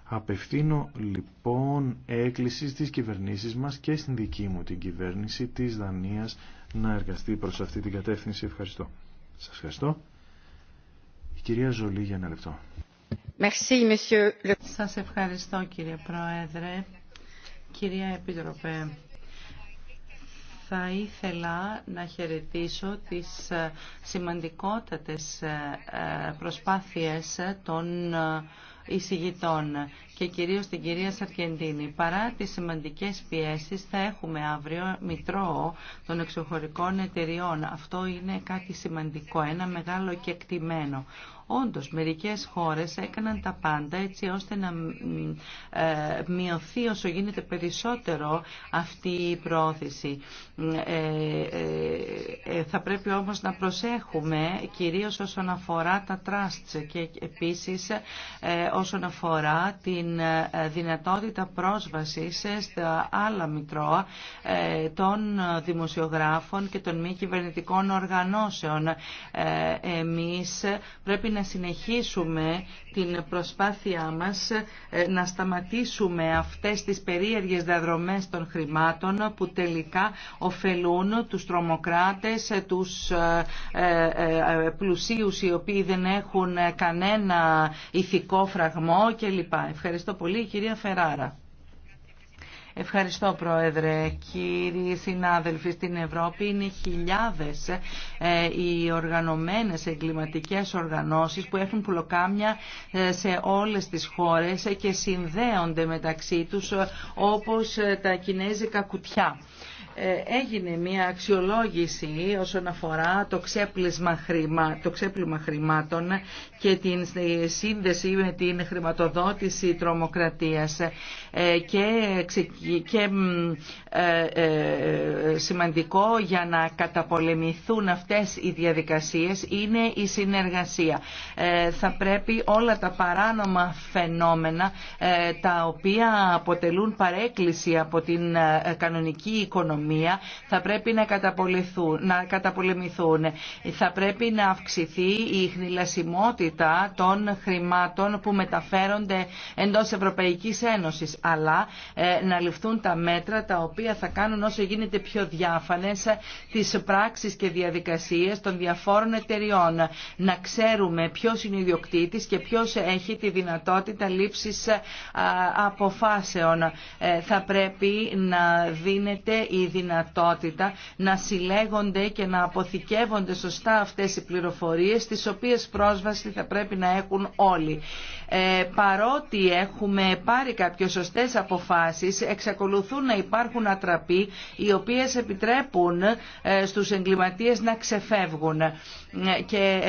Απευθύνω λοιπόν έκκληση στις κυβερνήσεις μας και στην δική μου την κυβέρνηση της Δανίας να εργαστεί προς αυτή την κατεύθυνση. Ευχαριστώ. Σας ευχαριστώ κυρία Ζολή για ένα λεπτό. Σας ευχαριστώ κύριε Πρόεδρε, κυρία Επίτροπε. Θα ήθελα να χαιρετήσω τις ε, σημαντικότατες ε, ε, προσπάθειες των εισηγητών και κυρίως την κυρία Σαρκεντίνη. Παρά τις σημαντικές πιέσεις θα έχουμε αύριο μητρό των εξωχωρικών εταιριών. Αυτό είναι κάτι σημαντικό, ένα μεγάλο και εκτιμένο. Όντως, μερικές χώρες έκαναν τα πάντα έτσι ώστε να ε, μειωθεί όσο γίνεται περισσότερο αυτή η πρόθεση. Ε, ε, θα πρέπει όμως να προσέχουμε κυρίως όσον αφορά τα τραστς και επίσης όσον αφορά την δυνατότητα πρόσβασης στα άλλα μητρώα των δημοσιογράφων και των μη κυβερνητικών οργανώσεων. Εμείς πρέπει να να συνεχίσουμε την προσπάθειά μας ε, να σταματήσουμε αυτές τις περίεργες διαδρομές των χρημάτων που τελικά ωφελούν τους τρομοκράτες, ε, τους ε, πλουσίους οι οποίοι δεν έχουν κανένα ηθικό φραγμό κλπ. Ευχαριστώ πολύ κυρία Φεράρα. Ευχαριστώ Πρόεδρε. Κύριοι συνάδελφοι, στην Ευρώπη είναι χιλιάδες ε, οι οργανωμένες εγκληματικές οργανώσεις που έχουν πουλοκάμια ε, σε όλες τις χώρες και συνδέονται μεταξύ τους ε, όπως τα κινέζικα κουτιά. Ε, έγινε μια αξιολόγηση όσον αφορά το, ξέπλυμα, χρήμα, το ξέπλυμα χρημάτων και την σύνδεση με την χρηματοδότηση τρομοκρατίας ε, και, και ε, σημαντικό για να καταπολεμηθούν αυτές οι διαδικασίες είναι η συνεργασία. θα πρέπει όλα τα παράνομα φαινόμενα τα οποία αποτελούν παρέκκληση από την κανονική οικονομία θα πρέπει να, να καταπολεμηθούν. Θα πρέπει να αυξηθεί η χνηλασιμότητα των χρημάτων που μεταφέρονται εντός Ευρωπαϊκής Ένωσης, αλλά ε, να ληφθούν τα μέτρα τα οποία θα κάνουν όσο γίνεται πιο διάφανες τις πράξεις και διαδικασίες των διαφόρων εταιριών. Να ξέρουμε ποιος είναι ο ιδιοκτήτης και ποιος έχει τη δυνατότητα λήψης ε, αποφάσεων. Ε, θα πρέπει να δίνεται δυνατότητα να συλλέγονται και να αποθηκεύονται σωστά αυτές οι πληροφορίες τις οποίες πρόσβαση θα πρέπει να έχουν όλοι. Ε, παρότι έχουμε πάρει κάποιες σωστές αποφάσεις εξακολουθούν να υπάρχουν ατραπή, οι οποίες επιτρέπουν ε, στους εγκληματίες να ξεφεύγουν ε, και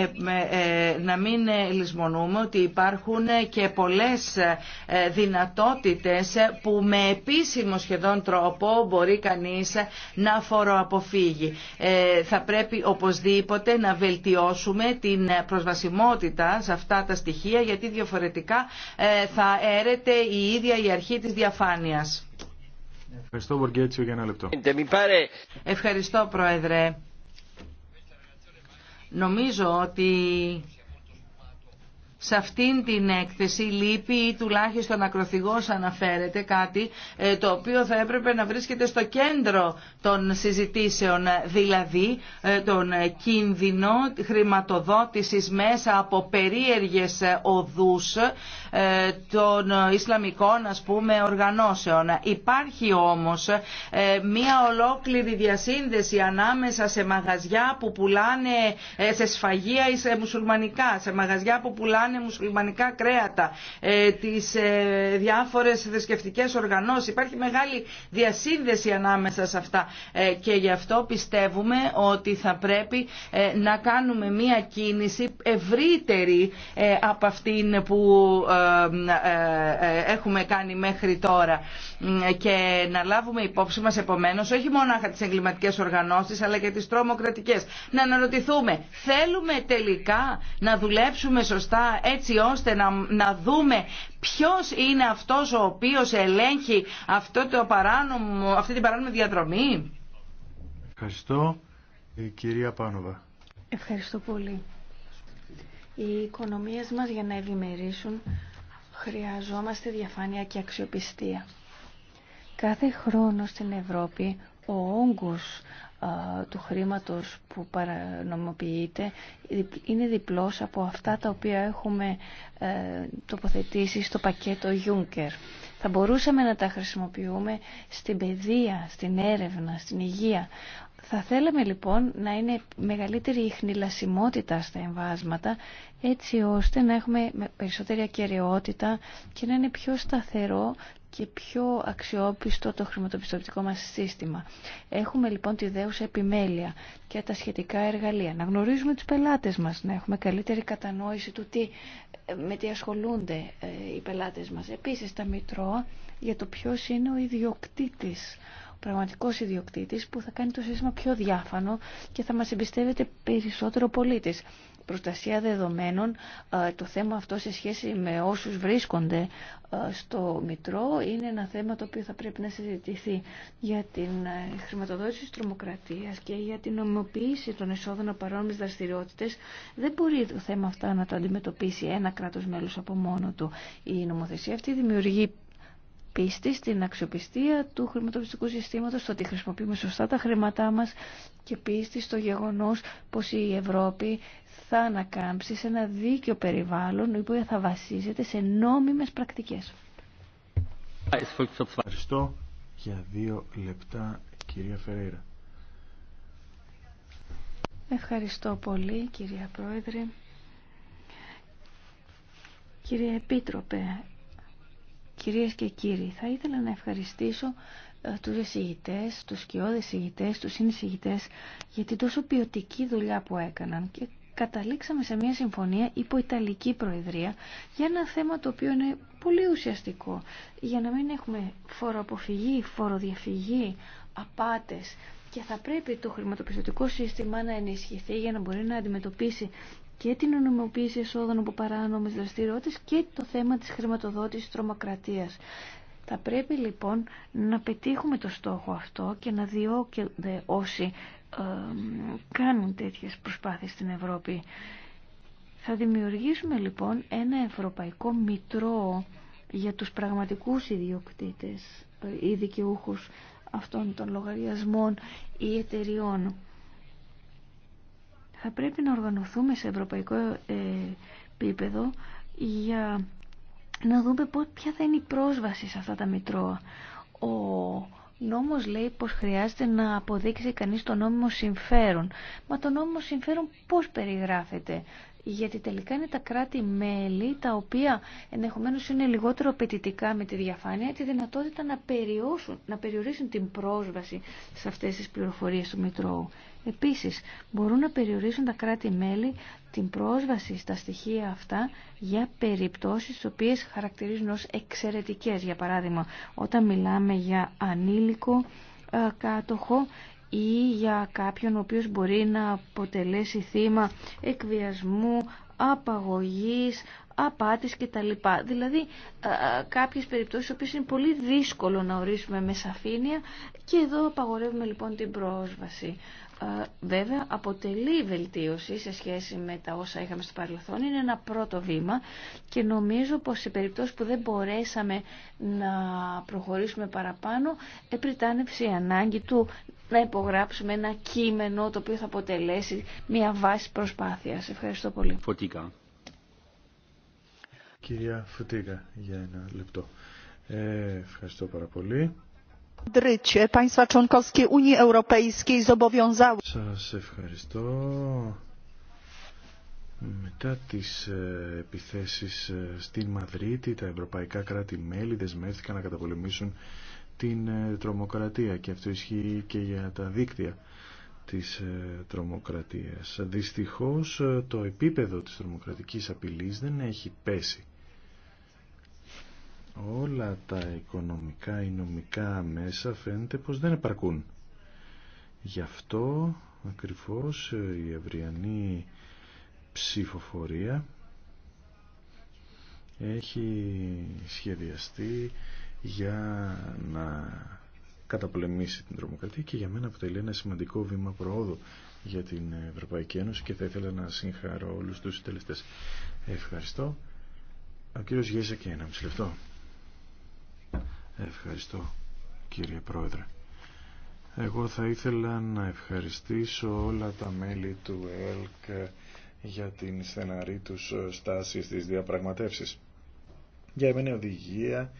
ε, να μην λησμονούμε ότι υπάρχουν και πολλές δυνατότητες που με επίσημο σχεδόν τρόπο μπορεί κανείς να φοροαποφύγει. Ε, θα πρέπει οπωσδήποτε να βελτιώσουμε την προσβασιμότητα σε αυτά τα στοιχεία γιατί διαφορετικά ε, θα έρεται η ίδια η αρχή της διαφάνειας. Ευχαριστώ, για ένα λεπτό. Ευχαριστώ, Πρόεδρε. Νομίζω ότι σε αυτήν την έκθεση λείπει ή τουλάχιστον ακροθυγός αναφέρεται κάτι ε, το οποίο θα έπρεπε να βρίσκεται στο κέντρο των συζητήσεων, δηλαδή ε, τον κίνδυνο χρηματοδότησης μέσα από περίεργες οδούς ε, των Ισλαμικών ας πούμε οργανώσεων. Υπάρχει όμως μία ολόκληρη διασύνδεση ανάμεσα σε μαγαζιά που πουλάνε σε σφαγεία ή σε μουσουλμανικά, σε μαγαζιά που πουλάνε είναι μουσουλμανικά κρέατα, ε, τις ε, διάφορες θρησκευτικέ οργανώσεις. Υπάρχει μεγάλη διασύνδεση ανάμεσα σε αυτά ε, και γι' αυτό πιστεύουμε ότι θα πρέπει να κάνουμε μία κίνηση ευρύτερη από αυτήν που έχουμε κάνει μέχρι τώρα και να λάβουμε υπόψη μας επομένως όχι για τις εγκληματικές οργανώσεις αλλά και τις τρομοκρατικές. Να αναρωτηθούμε, θέλουμε τελικά να δουλέψουμε σωστά έτσι ώστε να, να δούμε ποιος είναι αυτός ο οποίος ελέγχει αυτό το παράνομο, αυτή την παράνομη διαδρομή. Ευχαριστώ. Η κυρία Πάνοβα. Ευχαριστώ πολύ. Οι οικονομίες μας για να ευημερήσουν χρειαζόμαστε διαφάνεια και αξιοπιστία. Κάθε χρόνο στην Ευρώπη ο όγκος του χρήματος που παρανομοποιείται είναι διπλός από αυτά τα οποία έχουμε ε, τοποθετήσει στο πακέτο Juncker. Θα μπορούσαμε να τα χρησιμοποιούμε στην παιδεία, στην έρευνα, στην υγεία. Θα θέλαμε λοιπόν να είναι μεγαλύτερη η χνηλασιμότητα στα εμβάσματα έτσι ώστε να έχουμε περισσότερη ακαιρεότητα και να είναι πιο σταθερό και πιο αξιόπιστο το χρηματοπιστωτικό μας σύστημα. Έχουμε λοιπόν τη δέουσα επιμέλεια και τα σχετικά εργαλεία. Να γνωρίζουμε τους πελάτες μας, να έχουμε καλύτερη κατανόηση του τι, ε, με τι ασχολούνται ε, οι πελάτες μας. Επίσης τα Μητρώα για το ποιος είναι ο ιδιοκτήτης πραγματικός ιδιοκτήτης που θα κάνει το σύστημα πιο διάφανο και θα μας εμπιστεύεται περισσότερο πολίτης. Προστασία δεδομένων, ε, το θέμα αυτό σε σχέση με όσους βρίσκονται ε, στο Μητρό είναι ένα θέμα το οποίο θα πρέπει να συζητηθεί για την ε, χρηματοδότηση της τρομοκρατίας και για την νομιμοποίηση των εσόδων από δραστηριότητε. δραστηριότητες. Δεν μπορεί το θέμα αυτά να το αντιμετωπίσει ένα κράτος μέλος από μόνο του. Η νομοθεσία αυτή δημιουργεί πίστη στην αξιοπιστία του χρηματοπιστικού συστήματος, στο ότι χρησιμοποιούμε σωστά τα χρήματά μας και πίστη στο γεγονός πως η Ευρώπη θα ανακάμψει σε ένα δίκαιο περιβάλλον που θα βασίζεται σε νόμιμες πρακτικές. Ευχαριστώ για δύο λεπτά κυρία Φερέιρα. Ευχαριστώ πολύ κυρία Πρόεδρε. Κύριε Επίτροπε, Κυρίες και κύριοι, θα ήθελα να ευχαριστήσω ε, τους εισηγητές, τους σκιώδες εισηγητές, τους συνεισηγητές για την τόσο ποιοτική δουλειά που έκαναν και καταλήξαμε σε μια συμφωνία υπό Ιταλική Προεδρία για ένα θέμα το οποίο είναι πολύ ουσιαστικό για να μην έχουμε φοροαποφυγή, φοροδιαφυγή, απάτες και θα πρέπει το χρηματοπιστωτικό σύστημα να ενισχυθεί για να μπορεί να αντιμετωπίσει και την ονομοποίηση εσόδων από παράνομες δραστηριότητες και το θέμα της χρηματοδότησης τρομοκρατίας. Θα πρέπει λοιπόν να πετύχουμε το στόχο αυτό και να διώκονται όσοι κάνουν τέτοιες προσπάθειες στην Ευρώπη. Θα δημιουργήσουμε λοιπόν ένα ευρωπαϊκό μητρό για τους πραγματικούς ιδιοκτήτες ε, ή δικαιούχους αυτών των λογαριασμών ή εταιριών. Θα πρέπει να οργανωθούμε σε ευρωπαϊκό ε, επίπεδο για να δούμε ποια θα είναι η πρόσβαση σε αυτά τα μητρώα. Ο νόμος λέει πως χρειάζεται να αποδείξει κανείς το νόμιμο συμφέρον. Μα το νόμιμο συμφέρον πώς περιγράφεται. Γιατί τελικά είναι τα κράτη-μέλη τα οποία ενδεχομένως είναι λιγότερο απαιτητικά με τη διαφάνεια τη δυνατότητα να, να περιορίσουν την πρόσβαση σε αυτές τις πληροφορίες του Μητρώου. Επίσης, μπορούν να περιορίσουν τα κράτη-μέλη την πρόσβαση στα στοιχεία αυτά για περιπτώσεις τις οποίες χαρακτηρίζουν ως εξαιρετικές. Για παράδειγμα, όταν μιλάμε για ανήλικο ε, κάτοχο ή για κάποιον ο οποίος μπορεί να αποτελέσει θύμα εκβιασμού, απαγωγής, απάτης κτλ. Δηλαδή ε, ε, κάποιες περιπτώσεις οποίες είναι πολύ δύσκολο να ορίσουμε με σαφήνεια και εδώ απαγορεύουμε λοιπόν την πρόσβαση. Ε, βέβαια αποτελεί βελτίωση σε σχέση με τα όσα είχαμε στο παρελθόν. Είναι ένα πρώτο βήμα και νομίζω πως σε περιπτώσεις που δεν μπορέσαμε να προχωρήσουμε παραπάνω επριτάνευσε η ανάγκη του να υπογράψουμε ένα κείμενο το οποίο θα αποτελέσει μια βάση προσπάθειας. Ευχαριστώ πολύ. Φωτίκα. Κυρία Φωτίκα για ένα λεπτό. Ε, ευχαριστώ πάρα πολύ. Σας ευχαριστώ. Μετά τις ε, επιθέσεις ε, στην Μαδρίτη, τα ευρωπαϊκά κράτη-μέλη δεσμεύτηκαν να καταπολεμήσουν την ε, τρομοκρατία και αυτό ισχύει και για τα δίκτυα της τρομοκρατίας. Δυστυχώς το επίπεδο της τρομοκρατικής απειλής δεν έχει πέσει όλα τα οικονομικά ή νομικά μέσα φαίνεται πως δεν επαρκούν. Γι' αυτό ακριβώς ε, η ευριανή ψηφοφορία έχει σχεδιαστεί για να καταπολεμήσει την τρομοκρατία και για μένα αποτελεί ένα σημαντικό βήμα προόδου για την Ευρωπαϊκή Ένωση και θα ήθελα να συγχαρώ όλους τους συντελεστές. Ευχαριστώ. Ο κύριος Γέζα και ένα μισή λεπτό. Ευχαριστώ κύριε Πρόεδρε. Εγώ θα ήθελα να ευχαριστήσω όλα τα μέλη του ΕΛΚ για την στεναρή τους στάση στις διαπραγματεύσεις. Για εμένα η οδηγία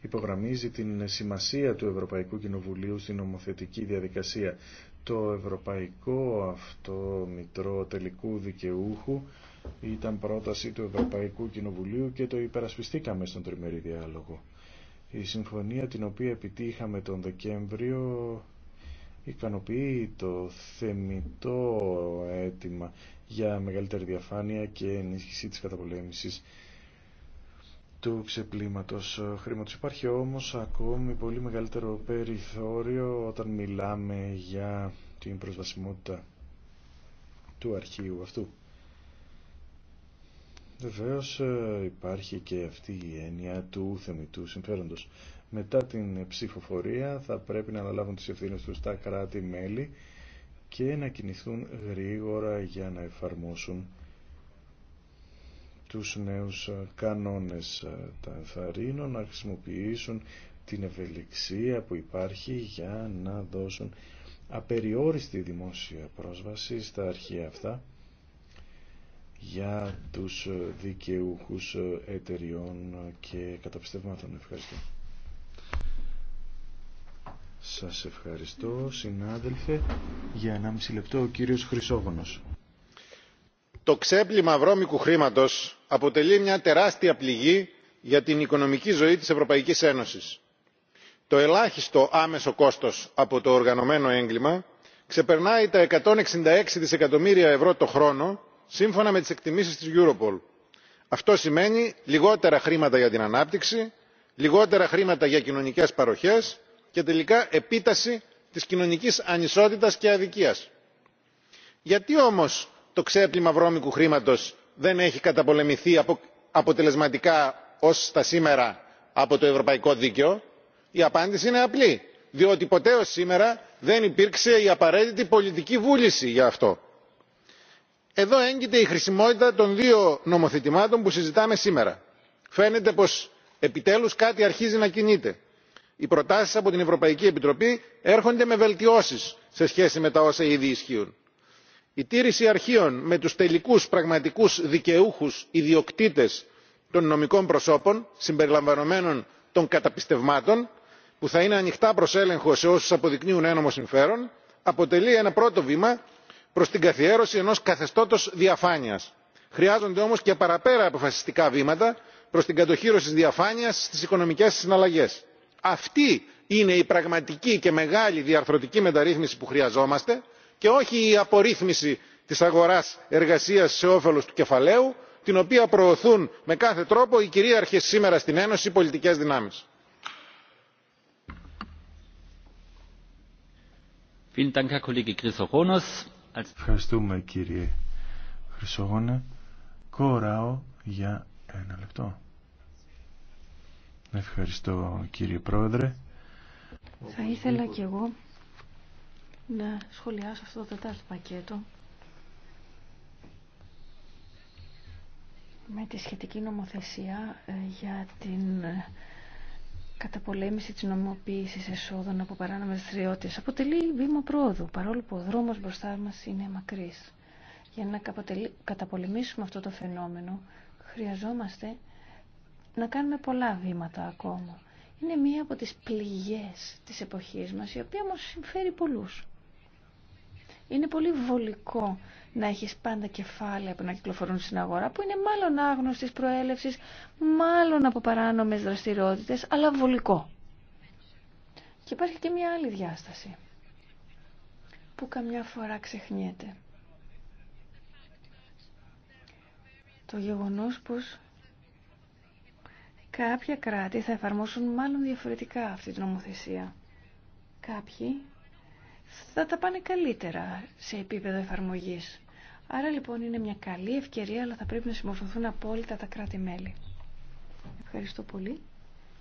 υπογραμμίζει την σημασία του Ευρωπαϊκού Κοινοβουλίου στην νομοθετική διαδικασία. Το ευρωπαϊκό αυτό μητρό τελικού δικαιούχου ήταν πρόταση του Ευρωπαϊκού Κοινοβουλίου και το υπερασπιστήκαμε στον τριμερή διάλογο. Η συμφωνία την οποία επιτύχαμε τον Δεκέμβριο ικανοποιεί το θεμητό αίτημα για μεγαλύτερη διαφάνεια και ενίσχυση της καταπολέμησης του ξεπλήματος χρήματος. Υπάρχει όμως ακόμη πολύ μεγαλύτερο περιθώριο όταν μιλάμε για την προσβασιμότητα του αρχείου αυτού. Βεβαίω ε, υπάρχει και αυτή η έννοια του θεμητού συμφέροντο. Μετά την ψηφοφορία θα πρέπει να αναλάβουν τι ευθύνε του τα κράτη-μέλη και να κινηθούν γρήγορα για να εφαρμόσουν τους νέους ε, κανόνες ε, τα ενθαρρύνω να χρησιμοποιήσουν την ευελιξία που υπάρχει για να δώσουν απεριόριστη δημόσια πρόσβαση στα αρχεία αυτά για τους ε, δικαιούχους ε, εταιριών ε, και καταπιστευμάτων. Ευχαριστώ. Σας ευχαριστώ, συνάδελφε. Για 1,5 λεπτό ο κύριος Χρυσόγωνος. Το ξέπλυμα βρώμικου χρήματος αποτελεί μια τεράστια πληγή για την οικονομική ζωή της Ευρωπαϊκής Ένωσης. Το ελάχιστο άμεσο κόστος από το οργανωμένο έγκλημα ξεπερνάει τα 166 δισεκατομμύρια ευρώ το χρόνο σύμφωνα με τις εκτιμήσεις της europol. αυτό σημαίνει λιγότερα χρήματα για την ανάπτυξη λιγότερα χρήματα για κοινωνικές παροχές και τελικά επίταση της κοινωνικής ανισότητας και αδικίας. γιατί όμως το ξέπλυμα βρώμικου χρήματος δεν έχει καταπολεμηθεί αποτελεσματικά ως τα σήμερα από το ευρωπαϊκό δίκαιο; η απάντηση είναι απλή διότι ποτέ ως σήμερα δεν υπήρξε η απαραίτητη πολιτική βούληση για αυτό εδώ έγκυται η χρησιμότητα των δύο νομοθετημάτων που συζητάμε σήμερα. φαίνεται πως επιτέλους κάτι αρχίζει να κινείται. οι προτάσεις από την ευρωπαϊκή επιτροπή έρχονται με βελτιώσεις σε σχέση με τα όσα ήδη ισχύουν. η τήρηση αρχείων με τους τελικούς πραγματικούς δικαιούχους ιδιοκτήτες των νομικών προσώπων συμπεριλαμβανομένων των καταπιστευμάτων που θα είναι ανοιχτά προς έλεγχο σε όσους αποδεικνύουν ένομο συμφέρον αποτελεί ένα πρώτο βήμα Προ την καθιέρωση ενό καθεστώτο διαφάνεια. χρειάζονται όμω και παραπέρα αποφασιστικά βήματα προ την κατοχύρωση τη διαφάνεια στι οικονομικέ συναλλαγέ. αυτή είναι η πραγματική και μεγάλη διαρθρωτική μεταρρύθμιση που χρειαζόμαστε και όχι η απορρίθμιση τη αγορά εργασία σε όφελο του κεφαλαίου την οποία προωθούν με κάθε τρόπο οι κυρίαρχε σήμερα στην ένωση πολιτικέ δυνάμει. Ευχαριστούμε κύριε Χρυσόγωνε. Κοράω για ένα λεπτό. Ευχαριστώ κύριε Πρόεδρε. Θα ήθελα κι εγώ να σχολιάσω αυτό το τετάρτο πακέτο με τη σχετική νομοθεσία ε, για την ε, καταπολέμηση της νομοποίησης εσόδων από παράνομες δραστηριότητες αποτελεί βήμα πρόοδου, παρόλο που ο δρόμος μπροστά μας είναι μακρύς. Για να καταπολεμήσουμε αυτό το φαινόμενο, χρειαζόμαστε να κάνουμε πολλά βήματα ακόμα. Είναι μία από τις πληγές της εποχής μας, η οποία μας συμφέρει πολλούς. Είναι πολύ βολικό να έχεις πάντα κεφάλαια που να κυκλοφορούν στην αγορά, που είναι μάλλον άγνωστης προέλευσης, μάλλον από παράνομες δραστηριότητες, αλλά βολικό. Και υπάρχει και μια άλλη διάσταση, που καμιά φορά ξεχνιέται. Το γεγονός πως κάποια κράτη θα εφαρμόσουν μάλλον διαφορετικά αυτή την νομοθεσία. Κάποιοι θα τα πάνε καλύτερα σε επίπεδο εφαρμογής. Άρα λοιπόν είναι μια καλή ευκαιρία, αλλά θα πρέπει να συμμορφωθούν απόλυτα τα κράτη-μέλη. Ευχαριστώ πολύ.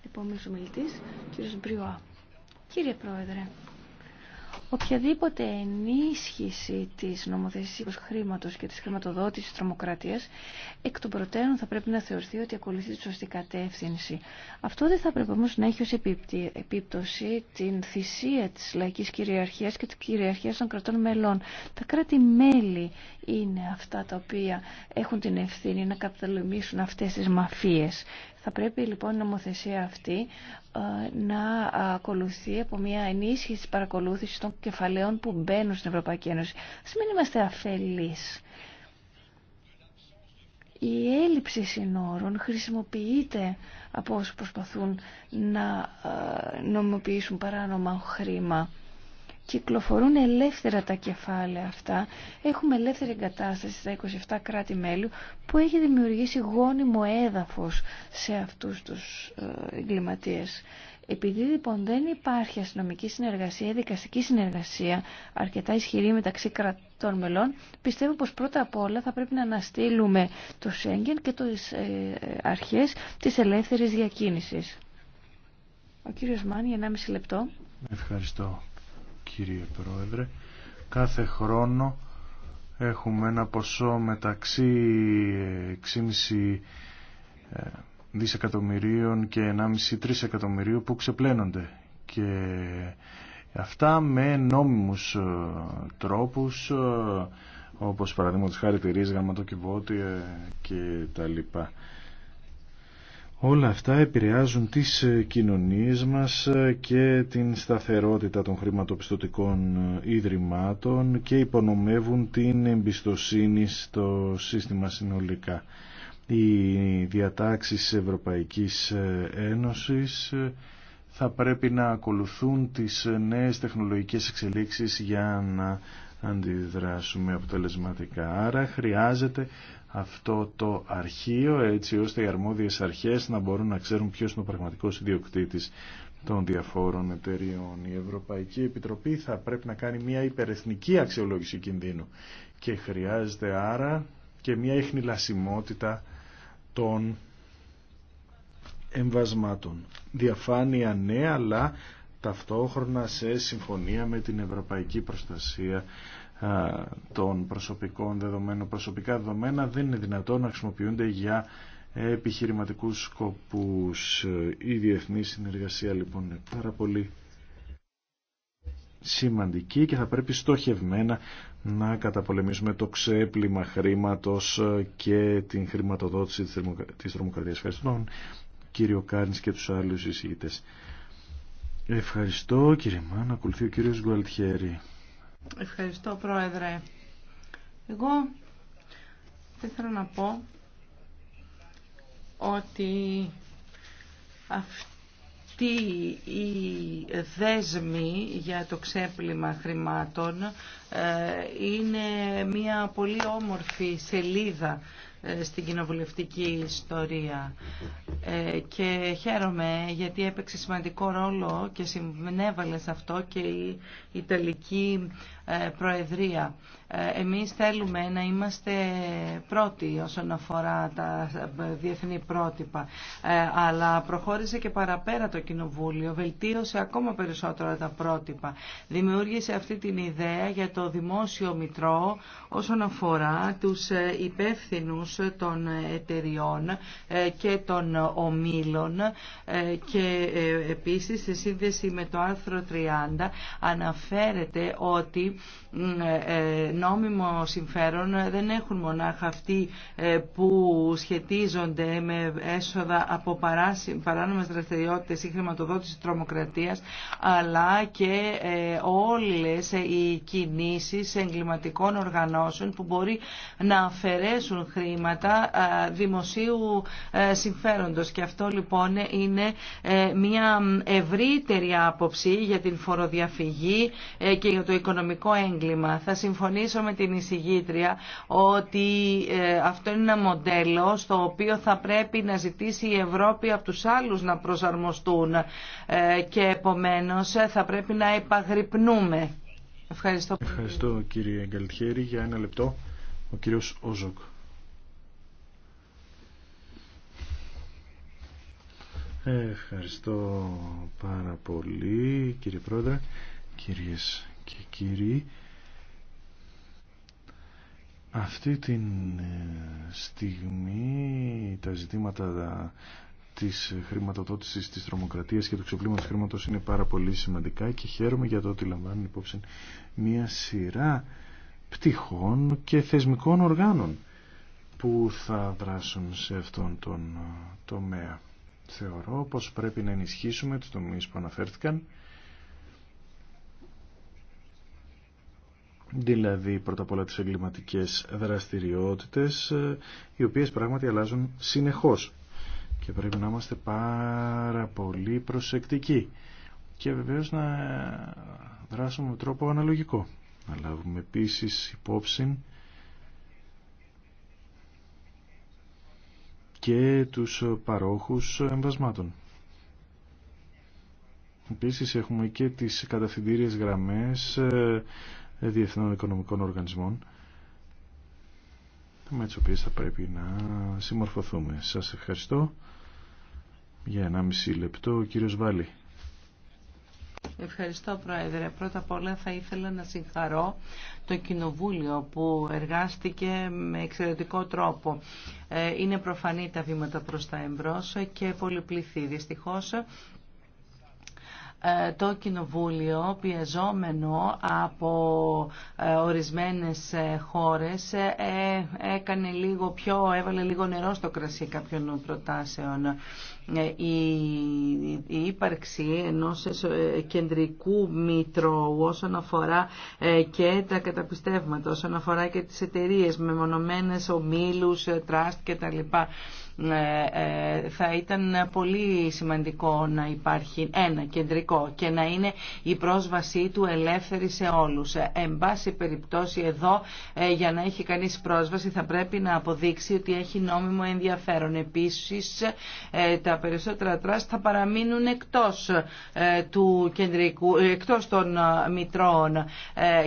Επόμενος ομιλητής, κύριος Μπριουά. Κύριε Πρόεδρε, Οποιαδήποτε ενίσχυση της νομοθεσίας χρήματος και της χρηματοδότησης της τρομοκρατίας εκ των προτέρων θα πρέπει να θεωρηθεί ότι ακολουθεί τη σωστή κατεύθυνση. Αυτό δεν θα πρέπει όμως να έχει ως επίπτωση την θυσία της λαϊκής κυριαρχίας και της κυριαρχίας των κρατών μελών. Τα κράτη-μέλη είναι αυτά τα οποία έχουν την ευθύνη να καταλημίσουν αυτές τις μαφίες. Θα πρέπει λοιπόν η νομοθεσία αυτή ε, να ακολουθεί από μια ενίσχυση της παρακολούθησης των κεφαλαίων που μπαίνουν στην Ευρωπαϊκή Ένωση. Ας μην είμαστε αφελείς. Η έλλειψη συνόρων χρησιμοποιείται από όσους προσπαθούν να ε, νομιμοποιήσουν παράνομα χρήμα κυκλοφορούν ελεύθερα τα κεφάλαια αυτά. Έχουμε ελεύθερη εγκατάσταση στα 27 κράτη-μέλη που έχει δημιουργήσει γόνιμο έδαφος σε αυτούς τους ε, εγκληματίες. Επειδή λοιπόν δεν υπάρχει αστυνομική συνεργασία, δικαστική συνεργασία αρκετά ισχυρή μεταξύ κρατών μελών, πιστεύω πως πρώτα απ' όλα θα πρέπει να αναστείλουμε το Σέγγεν και τις ε, αρχές της ελεύθερης διακίνησης. Ο κύριος Μάνι, 1,5 λεπτό. Ευχαριστώ κύριε Πρόεδρε. Κάθε χρόνο έχουμε ένα ποσό μεταξύ 6,5 ε, δισεκατομμυρίων και 1,5-3 εκατομμυρίων που ξεπλένονται και αυτά με νόμιμους ε, τρόπους ε, όπως παραδείγματος χάρη τη κτλ. και τα λοιπά. Όλα αυτά επηρεάζουν τις ε, κοινωνίες μας ε, και την σταθερότητα των χρηματοπιστωτικών ίδρυμάτων ε, και υπονομεύουν την εμπιστοσύνη στο σύστημα συνολικά. Οι διατάξεις Ευρωπαϊκής Ένωσης θα πρέπει να ακολουθούν τις νέες τεχνολογικές εξελίξεις για να αντιδράσουμε αποτελεσματικά. Άρα χρειάζεται αυτό το αρχείο έτσι ώστε οι αρμόδιες αρχές να μπορούν να ξέρουν ποιος είναι ο πραγματικός ιδιοκτήτης των διαφόρων εταιριών. Η Ευρωπαϊκή Επιτροπή θα πρέπει να κάνει μια υπερεθνική αξιολόγηση κινδύνου και χρειάζεται άρα και μια εχνηλασιμότητα των εμβασμάτων. Διαφάνεια ναι, αλλά ταυτόχρονα σε συμφωνία με την Ευρωπαϊκή Προστασία των προσωπικών δεδομένων. Προσωπικά δεδομένα δεν είναι δυνατόν να χρησιμοποιούνται για επιχειρηματικούς σκοπούς. Η διεθνή συνεργασία λοιπόν είναι πάρα πολύ σημαντική και θα πρέπει στοχευμένα να καταπολεμήσουμε το ξέπλυμα χρήματος και την χρηματοδότηση της τρομοκρατίας. Ευχαριστώ τον κύριο Κάρνης και τους άλλους εισηγητές. Ευχαριστώ κύριε Μάνα. Ακολουθεί ο κύριος Γκουαλτιέρη. Ευχαριστώ Πρόεδρε. Εγώ θέλω ήθελα να πω ότι αυτή η δέσμη για το ξέπλυμα χρημάτων ε, είναι μια πολύ όμορφη σελίδα ε, στην κοινοβουλευτική ιστορία ε, και χαίρομαι γιατί έπαιξε σημαντικό ρόλο και συνέβαλε σε αυτό και η Ιταλική ε, προεδρία. Ε, εμείς θέλουμε να είμαστε πρώτοι όσον αφορά τα διεθνή πρότυπα, ε, αλλά προχώρησε και παραπέρα το Κοινοβούλιο, βελτίωσε ακόμα περισσότερο τα πρότυπα. Δημιούργησε αυτή την ιδέα για το δημόσιο μητρό όσον αφορά τους υπεύθυνους των εταιριών και των ομίλων και επίσης σε σύνδεση με το άρθρο 30 αναφέρεται ότι ε, ε, νόμιμο συμφέρον δεν έχουν μονάχα αυτοί ε, που σχετίζονται με έσοδα από παράνομες δραστηριότητες ή χρηματοδότηση τρομοκρατίας αλλά και όλες οι κινήσεις εγκληματικών οργανώσεων που μπορεί να αφαιρέσουν χρήματα δημοσίου συμφέροντος. Και αυτό λοιπόν είναι μια ευρύτερη άποψη για την φοροδιαφυγή και για το οικονομικό θα συμφωνήσω με την εισηγήτρια ότι ε, αυτό είναι ένα μοντέλο στο οποίο θα πρέπει να ζητήσει η Ευρώπη από τους άλλους να προσαρμοστούν ε, και επομένως ε, θα πρέπει να επαγρυπνούμε. Ευχαριστώ. Ευχαριστώ κύριε Γκαλτιέρη. Για ένα λεπτό ο κύριος Όζοκ. Ευχαριστώ πάρα πολύ κύριε Πρόεδρε, κυρίες και κύριοι αυτή τη ε, στιγμή τα ζητήματα της χρηματοδότησης της τρομοκρατίας και του ξεπλήματος χρήματος είναι πάρα πολύ σημαντικά και χαίρομαι για το ότι λαμβάνουν υπόψη μια σειρά πτυχών και θεσμικών οργάνων που θα δράσουν σε αυτόν τον ε, τομέα. Θεωρώ πως πρέπει να ενισχύσουμε τους τομείς που αναφέρθηκαν δηλαδή πρώτα απ' όλα τις εγκληματικές δραστηριότητες ε, οι οποίες πράγματι αλλάζουν συνεχώς και πρέπει να είμαστε πάρα πολύ προσεκτικοί και βεβαίως να δράσουμε με τρόπο αναλογικό να λάβουμε επίσης υπόψη και τους παρόχους εμβασμάτων. Επίσης έχουμε και τις καταθυντήριες γραμμές ε, διεθνών οικονομικών οργανισμών με τις οποίες θα πρέπει να συμμορφωθούμε. Σας ευχαριστώ για 1,5 λεπτό ο κύριος Βάλη. Ευχαριστώ Πρόεδρε. Πρώτα απ' όλα θα ήθελα να συγχαρώ το Κοινοβούλιο που εργάστηκε με εξαιρετικό τρόπο. Ε, είναι προφανή τα βήματα προς τα εμπρός και πολυπληθή. Δυστυχώς ε, το Κοινοβούλιο πιεζόμενο από ε, ορισμένες ε, χώρες έκανε λίγο πιο, έβαλε λίγο νερό στο κρασί κάποιων προτάσεων. Η ύπαρξη ενός κεντρικού μήτρου όσον αφορά και τα καταπιστεύματα, όσον αφορά και τις εταιρείες με μονομένες ομίλους, τραστ κτλ. Ναι, ε, θα ήταν πολύ σημαντικό να υπάρχει ένα κεντρικό και να είναι η πρόσβασή του ελεύθερη σε όλους. Ε, εν πάση περιπτώσει εδώ ε, για να έχει κανείς πρόσβαση θα πρέπει να αποδείξει ότι έχει νόμιμο ενδιαφέρον. Επίσης τα περισσότερα τρας θα παραμείνουν εκτός του κεντρικού, εκτός των μητρώων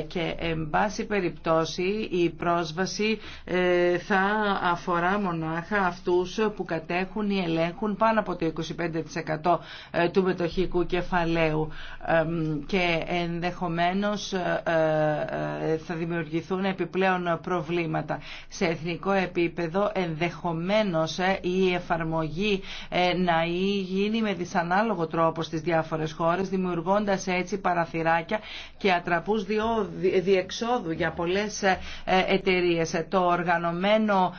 και εν πάση περιπτώσει η πρόσβαση θα αφορά μονάχα αυτούς που κατέχουν ή ελέγχουν πάνω από το 25% ε, του μετοχικού κεφαλαίου και ενδεχομένως ε, ε, θα δημιουργηθούν επιπλέον προβλήματα. Σε εθνικό επίπεδο ενδεχομένως η εφαρμογή να γίνει με δυσανάλογο τρόπο στις διάφορες χώρες δημιουργώντας έτσι παραθυράκια και ατραπούς διεξόδου για πολλές εταιρείες. Το οργανωμένο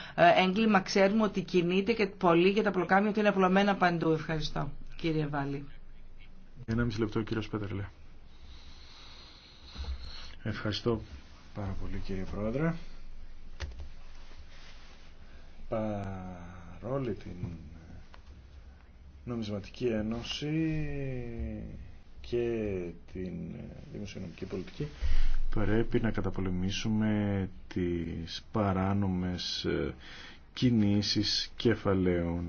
έγκλημα ξέρουμε ότι κινείται και πολύ για τα πλοκάμια ότι είναι απλωμένα παντού. Ευχαριστώ, κύριε Βάλη. Ένα μισή λεπτό, κύριο Πέτερλε. Ευχαριστώ πάρα πολύ, κύριε Πρόεδρε. Παρόλη την νομισματική ένωση και την δημοσιονομική πολιτική πρέπει να καταπολεμήσουμε τις παράνομες ε, κινήσεις κεφαλαίων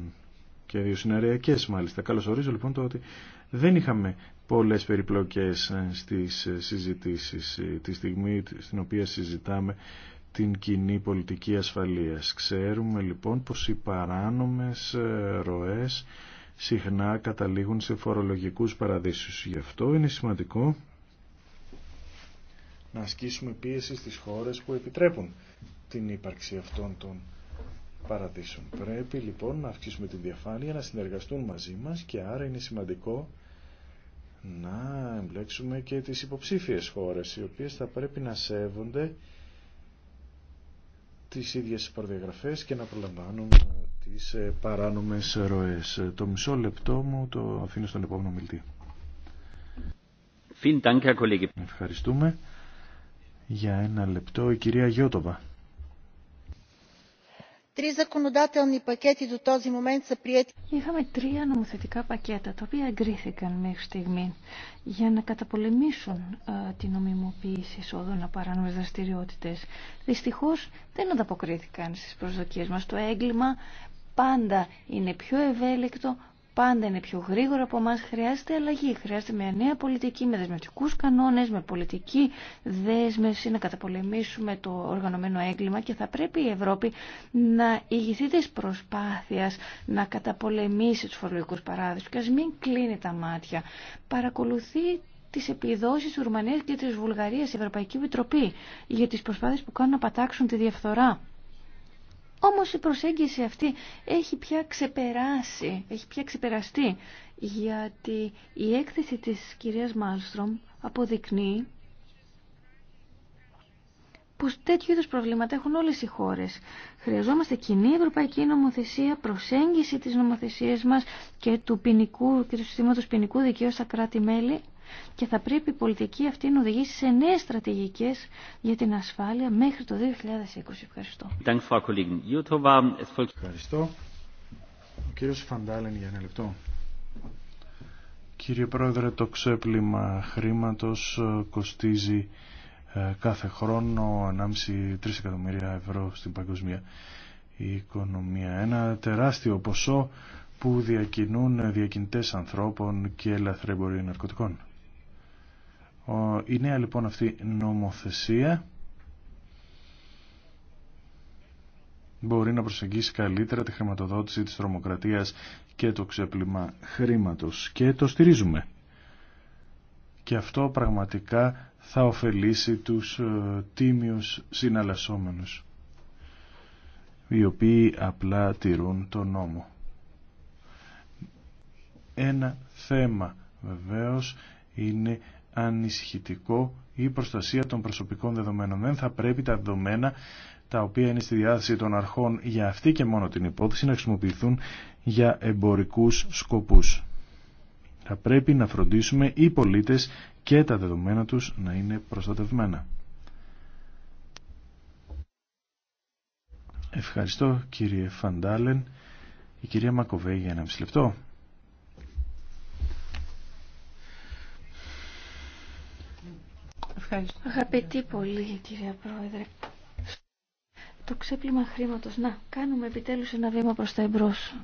και συναριακέ μάλιστα. Καλώς ορίζω λοιπόν το ότι δεν είχαμε πολλές περιπλοκές ε, στις ε, συζητήσεις ε, τη στιγμή στην οποία συζητάμε την κοινή πολιτική ασφαλείας. Ξέρουμε λοιπόν πως οι παράνομες ροές συχνά καταλήγουν σε φορολογικούς παραδείσους. Γι' αυτό είναι σημαντικό να ασκήσουμε πίεση στις χώρες που επιτρέπουν την ύπαρξη αυτών των Πρέπει λοιπόν να αυξήσουμε τη διαφάνεια, να συνεργαστούν μαζί μας και άρα είναι σημαντικό να εμπλέξουμε και τις υποψήφιες χώρες, οι οποίες θα πρέπει να σέβονται τις ίδιες προδιαγραφές και να προλαμβάνουν τις ε, παράνομες ροές. Το μισό λεπτό μου το αφήνω στον επόμενο μιλτή. Ευχαριστούμε. Για ένα λεπτό η κυρία Γιώτοβα. Три Είχαμε τρία νομοθετικά πακέτα τα οποία εγκρίθηκαν μέχρι στιγμή για να καταπολεμήσουν α, την νομιμοποίηση εισόδων από παράνομε δραστηριότητε. Δυστυχώ δεν ανταποκρίθηκαν στι προσδοκίε μα. Το έγκλημα πάντα είναι πιο ευέλικτο, πάντα είναι πιο γρήγορα από εμά. Χρειάζεται αλλαγή. Χρειάζεται μια νέα πολιτική με δεσμευτικού κανόνε, με πολιτική δέσμευση να καταπολεμήσουμε το οργανωμένο έγκλημα και θα πρέπει η Ευρώπη να ηγηθεί τη προσπάθεια να καταπολεμήσει του φορολογικού παράδεισου και α μην κλείνει τα μάτια. Παρακολουθεί τι επιδόσει τη Ρουμανία και τη Βουλγαρία η Ευρωπαϊκή Επιτροπή για τι προσπάθειε που κάνουν να πατάξουν τη διαφθορά. Όμως η προσέγγιση αυτή έχει πια ξεπεράσει, έχει πια ξεπεραστεί, γιατί η έκθεση της κυρίας Μάλστρομ αποδεικνύει πως τέτοιου είδους προβλήματα έχουν όλες οι χώρες. Χρειαζόμαστε κοινή ευρωπαϊκή νομοθεσία, προσέγγιση της νομοθεσίας μας και του, ποινικού, και του συστήματος ποινικού δικαίου στα κράτη-μέλη και θα πρέπει η πολιτική αυτή να οδηγήσει σε νέες στρατηγικές για την ασφάλεια μέχρι το 2020. Ευχαριστώ. Ευχαριστώ. Ο κύριος Φαντάλεν για ένα λεπτό. Κύριε Πρόεδρε, το ξέπλυμα χρήματος ε, κοστίζει ε, κάθε χρόνο 1,5-3 εκατομμύρια ευρώ στην παγκοσμία οικονομία. Ένα τεράστιο ποσό που διακινούν ε, διακινητές ανθρώπων και ελαθρέμποροι ναρκωτικών. Η νέα λοιπόν αυτή νομοθεσία μπορεί να προσεγγίσει καλύτερα τη χρηματοδότηση της τρομοκρατίας και το ξέπλυμα χρήματος και το στηρίζουμε. Και αυτό πραγματικά θα ωφελήσει τους ε, τίμιους συναλλασσόμενους οι οποίοι απλά τηρούν το νόμο. Ένα θέμα βεβαίως είναι ανησυχητικό η προστασία των προσωπικών δεδομένων. Δεν θα πρέπει τα δεδομένα τα οποία είναι στη διάθεση των αρχών για αυτή και μόνο την υπόθεση να χρησιμοποιηθούν για εμπορικούς σκοπούς. Θα πρέπει να φροντίσουμε οι πολίτες και τα δεδομένα τους να είναι προστατευμένα. Ευχαριστώ κύριε Φαντάλεν. Η κυρία Μακοβέη για ένα μισή λεπτό. Ευχαριστώ. Αγαπητή πολύ, κυρία Πρόεδρε. Το ξέπλυμα χρήματος. Να, κάνουμε επιτέλους ένα βήμα προς τα εμπρός.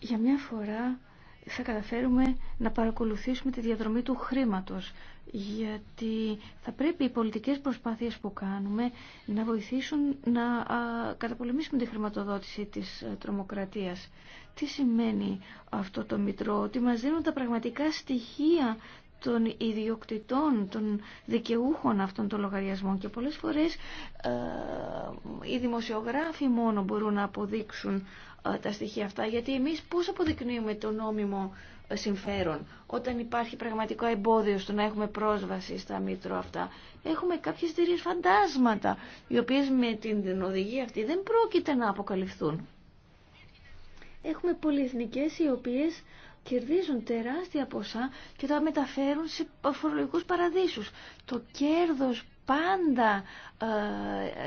Για μια φορά θα καταφέρουμε να παρακολουθήσουμε τη διαδρομή του χρήματος γιατί θα πρέπει οι πολιτικές προσπάθειες που κάνουμε να βοηθήσουν να καταπολεμήσουμε τη χρηματοδότηση της ε, τρομοκρατίας. Τι σημαίνει αυτό το μητρό, ότι μας δίνουν τα πραγματικά στοιχεία των ιδιοκτητών, των δικαιούχων αυτών των λογαριασμών και πολλές φορές ε, οι δημοσιογράφοι μόνο μπορούν να αποδείξουν ε, τα στοιχεία αυτά γιατί εμείς πώς αποδεικνύουμε το νόμιμο ε, συμφέρον όταν υπάρχει πραγματικό εμπόδιο στο να έχουμε πρόσβαση στα μήτρο αυτά. Έχουμε κάποιες εταιρείε φαντάσματα οι οποίες με την οδηγία αυτή δεν πρόκειται να αποκαλυφθούν. Έχουμε πολυεθνικές οι οποίες κερδίζουν τεράστια ποσά και τα μεταφέρουν σε φορολογικούς παραδείσους. Το κέρδος πάντα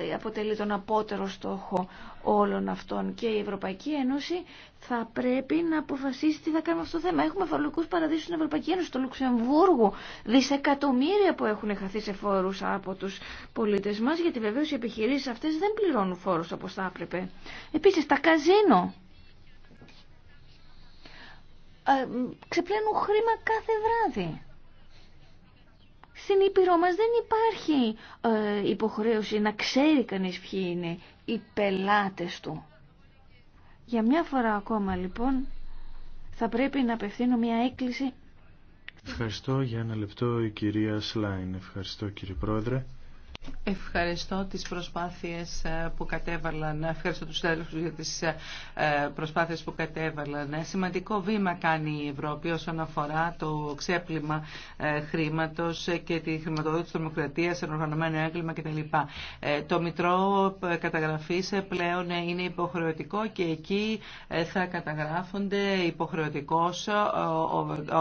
ε, αποτελεί τον απότερο στόχο όλων αυτών και η Ευρωπαϊκή Ένωση θα πρέπει να αποφασίσει τι θα κάνουμε αυτό το θέμα. Έχουμε φορολογικού παραδείσους στην Ευρωπαϊκή Ένωση, στο Λουξεμβούργο, δισεκατομμύρια που έχουν χαθεί σε φόρους από τους πολίτες μας γιατί βεβαίω οι επιχειρήσει αυτέ δεν πληρώνουν φόρους όπως θα έπρεπε. Επίσης τα καζίνο ξεπλένουν χρήμα κάθε βράδυ. Στην Ήπειρό μας δεν υπάρχει ε, υποχρέωση να ξέρει κανείς ποιοι είναι οι πελάτες του. Για μια φορά ακόμα λοιπόν θα πρέπει να απευθύνω μια έκκληση. Ευχαριστώ για ένα λεπτό η κυρία Σλάιν. Ευχαριστώ κύριε Πρόεδρε. Ευχαριστώ τις προσπάθειες ε, που κατέβαλαν, ευχαριστώ τους συνάδελφους για τις ε, προσπάθειες που κατέβαλαν. Σημαντικό βήμα κάνει η Ευρώπη όσον αφορά το ξέπλυμα ε, χρήματος και τη χρηματοδότηση της δημοκρατίας, οργανωμένο έγκλημα κτλ. Το Μητρό καταγραφής πλέον είναι υποχρεωτικό και εκεί θα καταγράφονται υποχρεωτικώς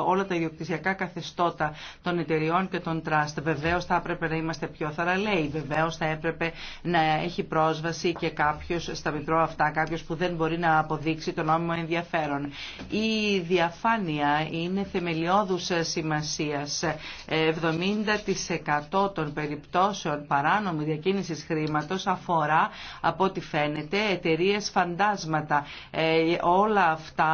όλα τα ιδιοκτησιακά καθεστώτα των εταιριών και των τραστ. Βεβαίως θα έπρεπε να είμαστε πιο θαραλέοι Βεβαίω Βεβαίως θα έπρεπε να έχει πρόσβαση και κάποιος στα μητρώα αυτά, κάποιος που δεν μπορεί να αποδείξει το νόμιμο ενδιαφέρον. Η διαφάνεια είναι θεμελιώδους σημασίας. 70% των περιπτώσεων παράνομη διακίνησης χρήματος αφορά από ό,τι φαίνεται εταιρείε φαντάσματα. Ε, όλα αυτά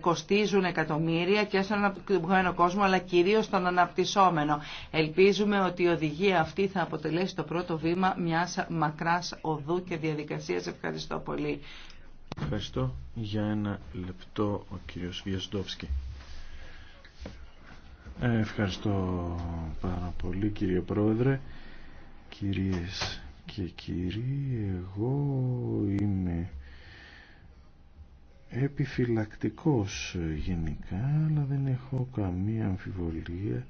κοστίζουν εκατομμύρια και στον αναπτυγμένο κόσμο αλλά κυρίως στον αναπτυσσόμενο. Ελπίζουμε ότι η οδηγία αυτή θα αποτελέσει στο πρώτο βήμα μιας μακράς οδού και διαδικασίας. Ευχαριστώ πολύ. Ευχαριστώ. Για ένα λεπτό ο κύριος Βιασντόφσκι. Ε, ευχαριστώ πάρα πολύ κύριε Πρόεδρε, κυρίες και κύριοι. Εγώ είμαι επιφυλακτικός γενικά, αλλά δεν έχω καμία αμφιβολία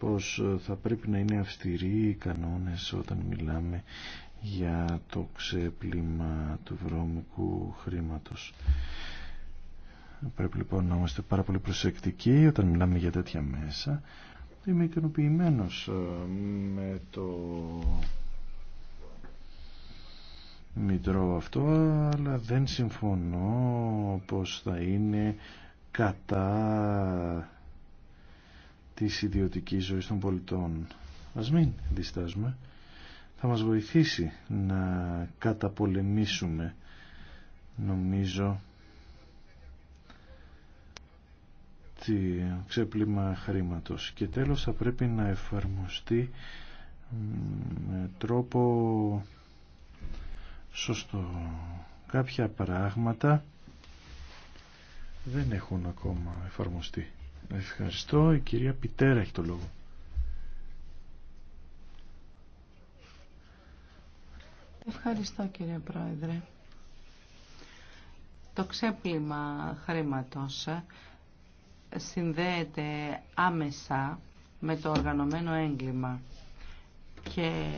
πως ε, θα πρέπει να είναι αυστηροί οι κανόνες όταν μιλάμε για το ξέπλυμα του βρώμικου χρήματος. Πρέπει λοιπόν να είμαστε πάρα πολύ προσεκτικοί όταν μιλάμε για τέτοια μέσα. Είμαι ικανοποιημένο ε, με το μητρό αυτό, αλλά δεν συμφωνώ πως θα είναι κατά τη ιδιωτικής ζωή των πολιτών. Ας μην διστάζουμε. Θα μας βοηθήσει να καταπολεμήσουμε, νομίζω, τη ξέπλυμα χρήματος. Και τέλος θα πρέπει να εφαρμοστεί με τρόπο σωστό. Κάποια πράγματα δεν έχουν ακόμα εφαρμοστεί. Ευχαριστώ. Η κυρία Πιτέρα έχει το λόγο. Ευχαριστώ κύριε Πρόεδρε. Το ξέπλυμα χρήματος συνδέεται άμεσα με το οργανωμένο έγκλημα και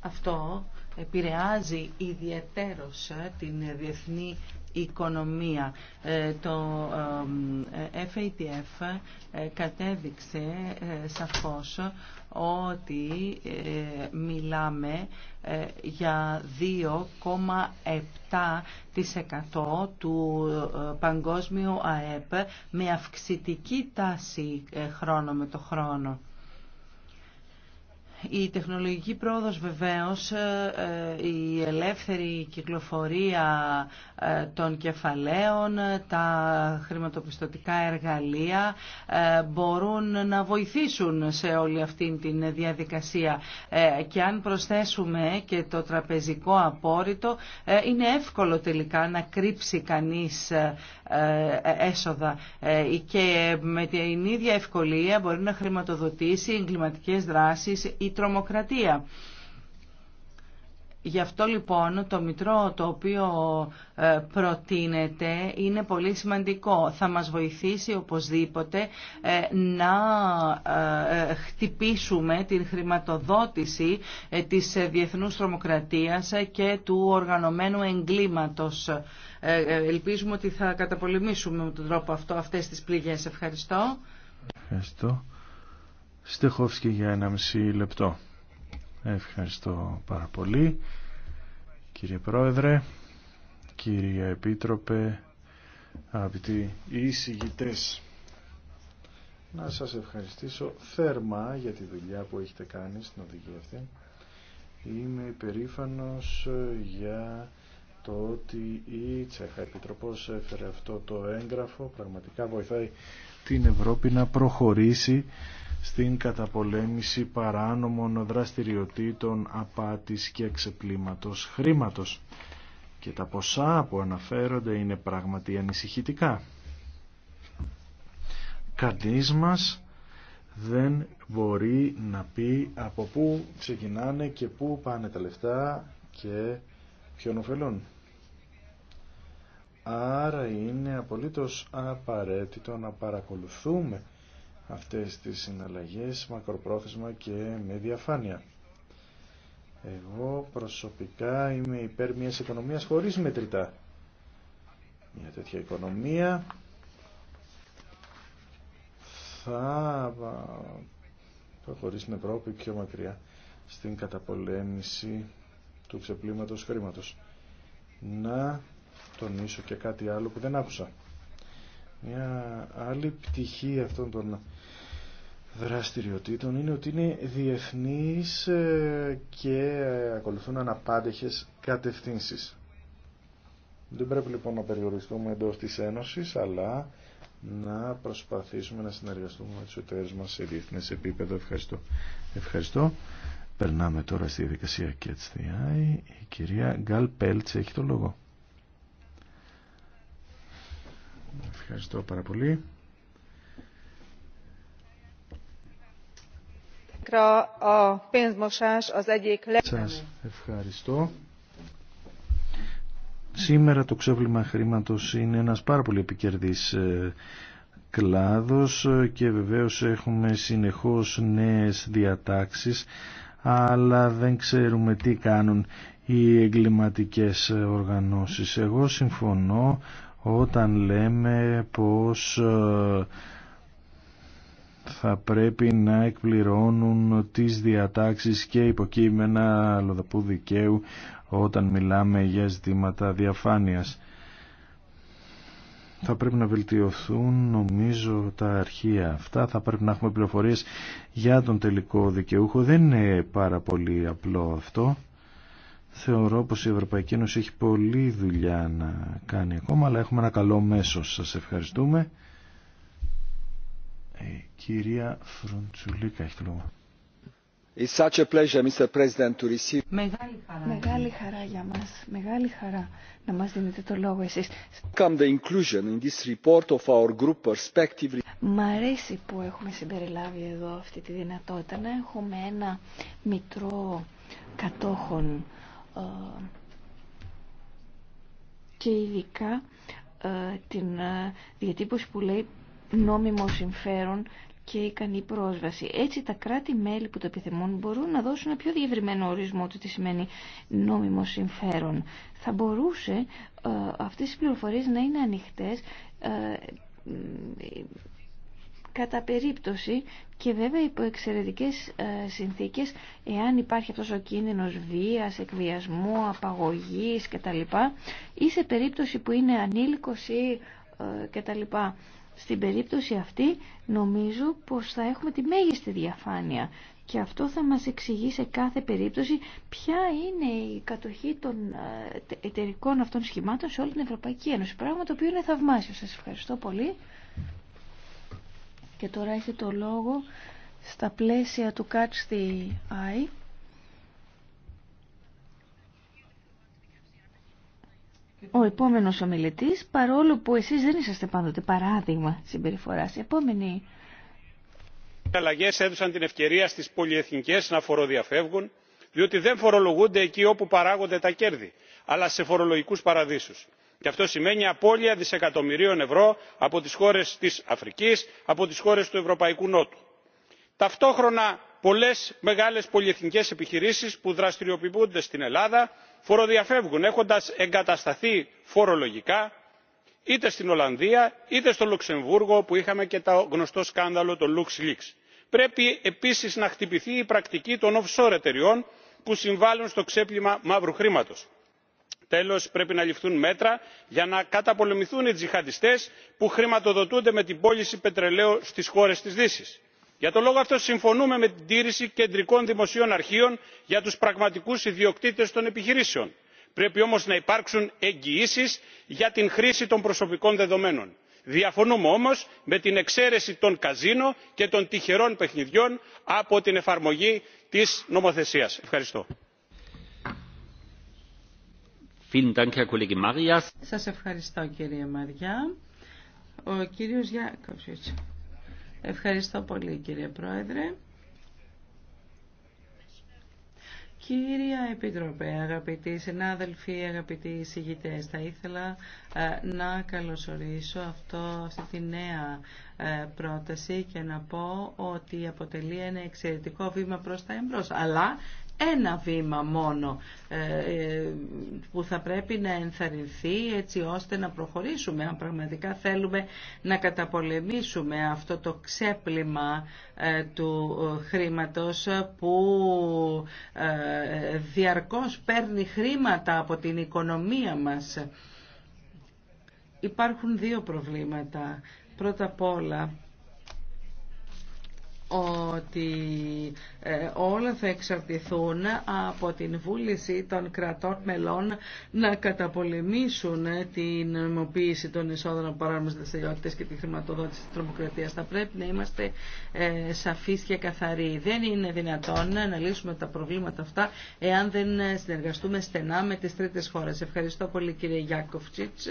αυτό επηρεάζει ιδιαίτερος την διεθνή οικονομία. Ε, το FATF ε, ε, κατέδειξε σαφώς ότι μιλάμε για 2,7% του παγκόσμιου ΑΕΠ με αυξητική τάση χρόνο με το χρόνο. Η τεχνολογική πρόοδος βεβαίως, ε, ε, η ελεύθερη κυκλοφορία ε, των κεφαλαίων, τα χρηματοπιστωτικά εργαλεία μπορούν να βοηθήσουν σε όλη αυτή την διαδικασία. Και αν προσθέσουμε και το τραπεζικό απόρριτο, είναι εύκολο τελικά να κρύψει κανείς ε, ε, έσοδα ε, και με την ίδια ευκολία μπορεί να χρηματοδοτήσει εγκληματικές δράσεις ή τρομοκρατία. Γι' αυτό λοιπόν το μητρό το οποίο ε, προτείνεται είναι πολύ σημαντικό. Θα μας βοηθήσει οπωσδήποτε ε, να ε, χτυπήσουμε την χρηματοδότηση της διεθνούς τρομοκρατίας και του οργανωμένου εγκλήματος. Ελπίζουμε ότι θα καταπολεμήσουμε με τον τρόπο αυτό αυτές τις πληγές. Ευχαριστώ. Ευχαριστώ. Στεχόφσκι για ένα μισή λεπτό. Ευχαριστώ πάρα πολύ. Κύριε Πρόεδρε, κύριε Επίτροπε, αγαπητοί εισηγητές, να σας ευχαριστήσω θέρμα για τη δουλειά που έχετε κάνει στην οδηγία αυτή. Είμαι υπερήφανος ε, για το ότι η Τσέχα Επιτροπός έφερε αυτό το έγγραφο. Πραγματικά βοηθάει την Ευρώπη να προχωρήσει στην καταπολέμηση παράνομων δραστηριοτήτων απάτης και εξεπλήματος χρήματος. Και τα ποσά που αναφέρονται είναι πράγματι ανησυχητικά. Κανείς μας δεν μπορεί να πει από πού ξεκινάνε και πού πάνε τα λεφτά και ποιον ωφελούν. Άρα είναι απολύτως απαραίτητο να παρακολουθούμε αυτές τις συναλλαγές μακροπρόθεσμα και με διαφάνεια. Εγώ προσωπικά είμαι υπέρ μιας οικονομίας χωρίς μετρητά. Μια τέτοια οικονομία θα προχωρήσει την Ευρώπη πιο μακριά στην καταπολέμηση του ξεπλήματος χρήματος. Να τονίσω και κάτι άλλο που δεν άκουσα. Μια άλλη πτυχή αυτών των δραστηριοτήτων είναι ότι είναι διεθνείς ε, και ε, ακολουθούν αναπάντεχες κατευθύνσεις. Δεν πρέπει λοιπόν να περιοριστούμε εντός της Ένωσης, αλλά να προσπαθήσουμε να συνεργαστούμε με τους εταίρους μας σε διεθνές επίπεδο. Ευχαριστώ. Ευχαριστώ. Περνάμε τώρα στη διαδικασία και Η κυρία Γκάλ Πέλτς έχει το λόγο. Ευχαριστώ πάρα πολύ. Σας ευχαριστώ. Σήμερα το ξέβλημα χρήματος είναι ένας πάρα πολύ επικερδής ε, κλάδος ε, και βεβαίως έχουμε συνεχώς νέες διατάξεις αλλά δεν ξέρουμε τι κάνουν οι εγκληματικές ε, οργανώσεις. Εγώ συμφωνώ όταν λέμε πως ε, θα πρέπει να εκπληρώνουν τις διατάξεις και υποκείμενα λοδαπού δικαίου όταν μιλάμε για ζητήματα διαφάνειας. Θα πρέπει να βελτιωθούν νομίζω τα αρχεία αυτά, θα πρέπει να έχουμε πληροφορίες για τον τελικό δικαιούχο. Δεν είναι πάρα πολύ απλό αυτό. Θεωρώ πως η Ευρωπαϊκή Ένωση έχει πολλή δουλειά να κάνει ακόμα, αλλά έχουμε ένα καλό μέσο. Σας ευχαριστούμε. Η ε, κυρία Φρουντσουλίκα έχει το λόγο. Μεγάλη χαρά. για μας. Μεγάλη χαρά να μας δίνετε το λόγο εσείς. Come Μ' αρέσει που έχουμε συμπεριλάβει εδώ αυτή τη δυνατότητα να έχουμε ένα μητρό κατόχων ε, και ειδικά ε, την ε, διατύπωση που λέει νόμιμο συμφέρον και ικανή πρόσβαση. Έτσι τα κράτη-μέλη που το επιθυμούν μπορούν να δώσουν ένα πιο διευρυμένο ορισμό του τι σημαίνει νόμιμο συμφέρον. Θα μπορούσε αυτές οι πληροφορίες να είναι ανοιχτές κατά περίπτωση και βέβαια υπό εξαιρετικές ε, συνθήκες εάν υπάρχει αυτός ο κίνδυνος βίας, εκβιασμού, απαγωγής κτλ ή σε περίπτωση που είναι ανήλικος ή ε, κτλ. Στην περίπτωση αυτή νομίζω πως θα έχουμε τη μέγιστη διαφάνεια και αυτό θα μας εξηγεί σε κάθε περίπτωση ποια είναι η κατοχή των ε, εταιρικών αυτών σχημάτων σε όλη την Ευρωπαϊκή Ένωση. Πράγμα το οποίο είναι θαυμάσιο. Σας ευχαριστώ πολύ. Και τώρα έχει το λόγο στα πλαίσια του Catch the Eye. Ο επόμενος ομιλητής, παρόλο που εσείς δεν είσαστε πάντοτε παράδειγμα συμπεριφοράς, επόμενη... Οι αλλαγές έδωσαν την ευκαιρία στις πολυεθνικές να φοροδιαφεύγουν, διότι δεν φορολογούνται εκεί όπου παράγονται τα κέρδη, αλλά σε φορολογικούς παραδείσους και αυτό σημαίνει απώλεια δισεκατομμυρίων ευρώ από τις χώρες της αφρικής από τις χώρες του ευρωπαϊκού νότου. ταυτόχρονα πολλές μεγάλες πολυεθνικές επιχειρήσεις που δραστηριοποιούνται στην ελλάδα φοροδιαφεύγουν έχοντας εγκατασταθεί φορολογικά είτε στην ολλανδία είτε στο λουξεμβούργο όπου είχαμε και το γνωστό σκάνδαλο των luxleaks. πρέπει επίσης να χτυπηθεί η πρακτική των offshore εταιριών που συμβάλλουν στο ξέπλυμα μαύρου χρήματος τέλος πρέπει να ληφθούν μέτρα για να καταπολεμηθούν οι τζιχαντιστές που χρηματοδοτούνται με την πώληση πετρελαίου στις χώρες της δύσης. για τον λόγο αυτό συμφωνούμε με την τήρηση κεντρικών δημοσίων αρχείων για τους πραγματικούς ιδιοκτήτες των επιχειρήσεων. πρέπει όμως να υπάρξουν εγγυήσεις για την χρήση των προσωπικών δεδομένων. διαφωνούμε όμως με την εξαίρεση των καζίνο και των τυχερών παιχνιδιών από την εφαρμογή της νομοθεσίας. ευχαριστώ. Σας ευχαριστώ κύριε Μαριά. Ο κύριος Γιάκοφιτς. Ευχαριστώ πολύ κύριε Πρόεδρε. Κύρια Επιτροπέ, αγαπητοί συνάδελφοι, αγαπητοί εισηγητές, θα ήθελα ε, να καλωσορίσω αυτό, αυτή τη νέα ε, πρόταση και να πω ότι αποτελεί ένα εξαιρετικό βήμα προς τα εμπρός. Αλλά ένα βήμα μόνο ε, ε, που θα πρέπει να ενθαρρυνθεί έτσι ώστε να προχωρήσουμε αν πραγματικά θέλουμε να καταπολεμήσουμε αυτό το ξέπλυμα ε, του χρήματος που διαρκώς παίρνει χρήματα από την οικονομία μας. Υπάρχουν δύο προβλήματα. Πρώτα απ' όλα ότι ε, όλα θα εξαρτηθούν από την βούληση των κρατών μελών να καταπολεμήσουν την νομοποίηση των εισόδων από παράνομες δραστηριότητες και τη χρηματοδότηση της τρομοκρατίας. Θα πρέπει να είμαστε ε, σαφείς και καθαροί. Δεν είναι δυνατόν να λύσουμε τα προβλήματα αυτά εάν δεν συνεργαστούμε στενά με τις τρίτες χώρες. Ευχαριστώ πολύ κύριε Γιάκοφτσίτς.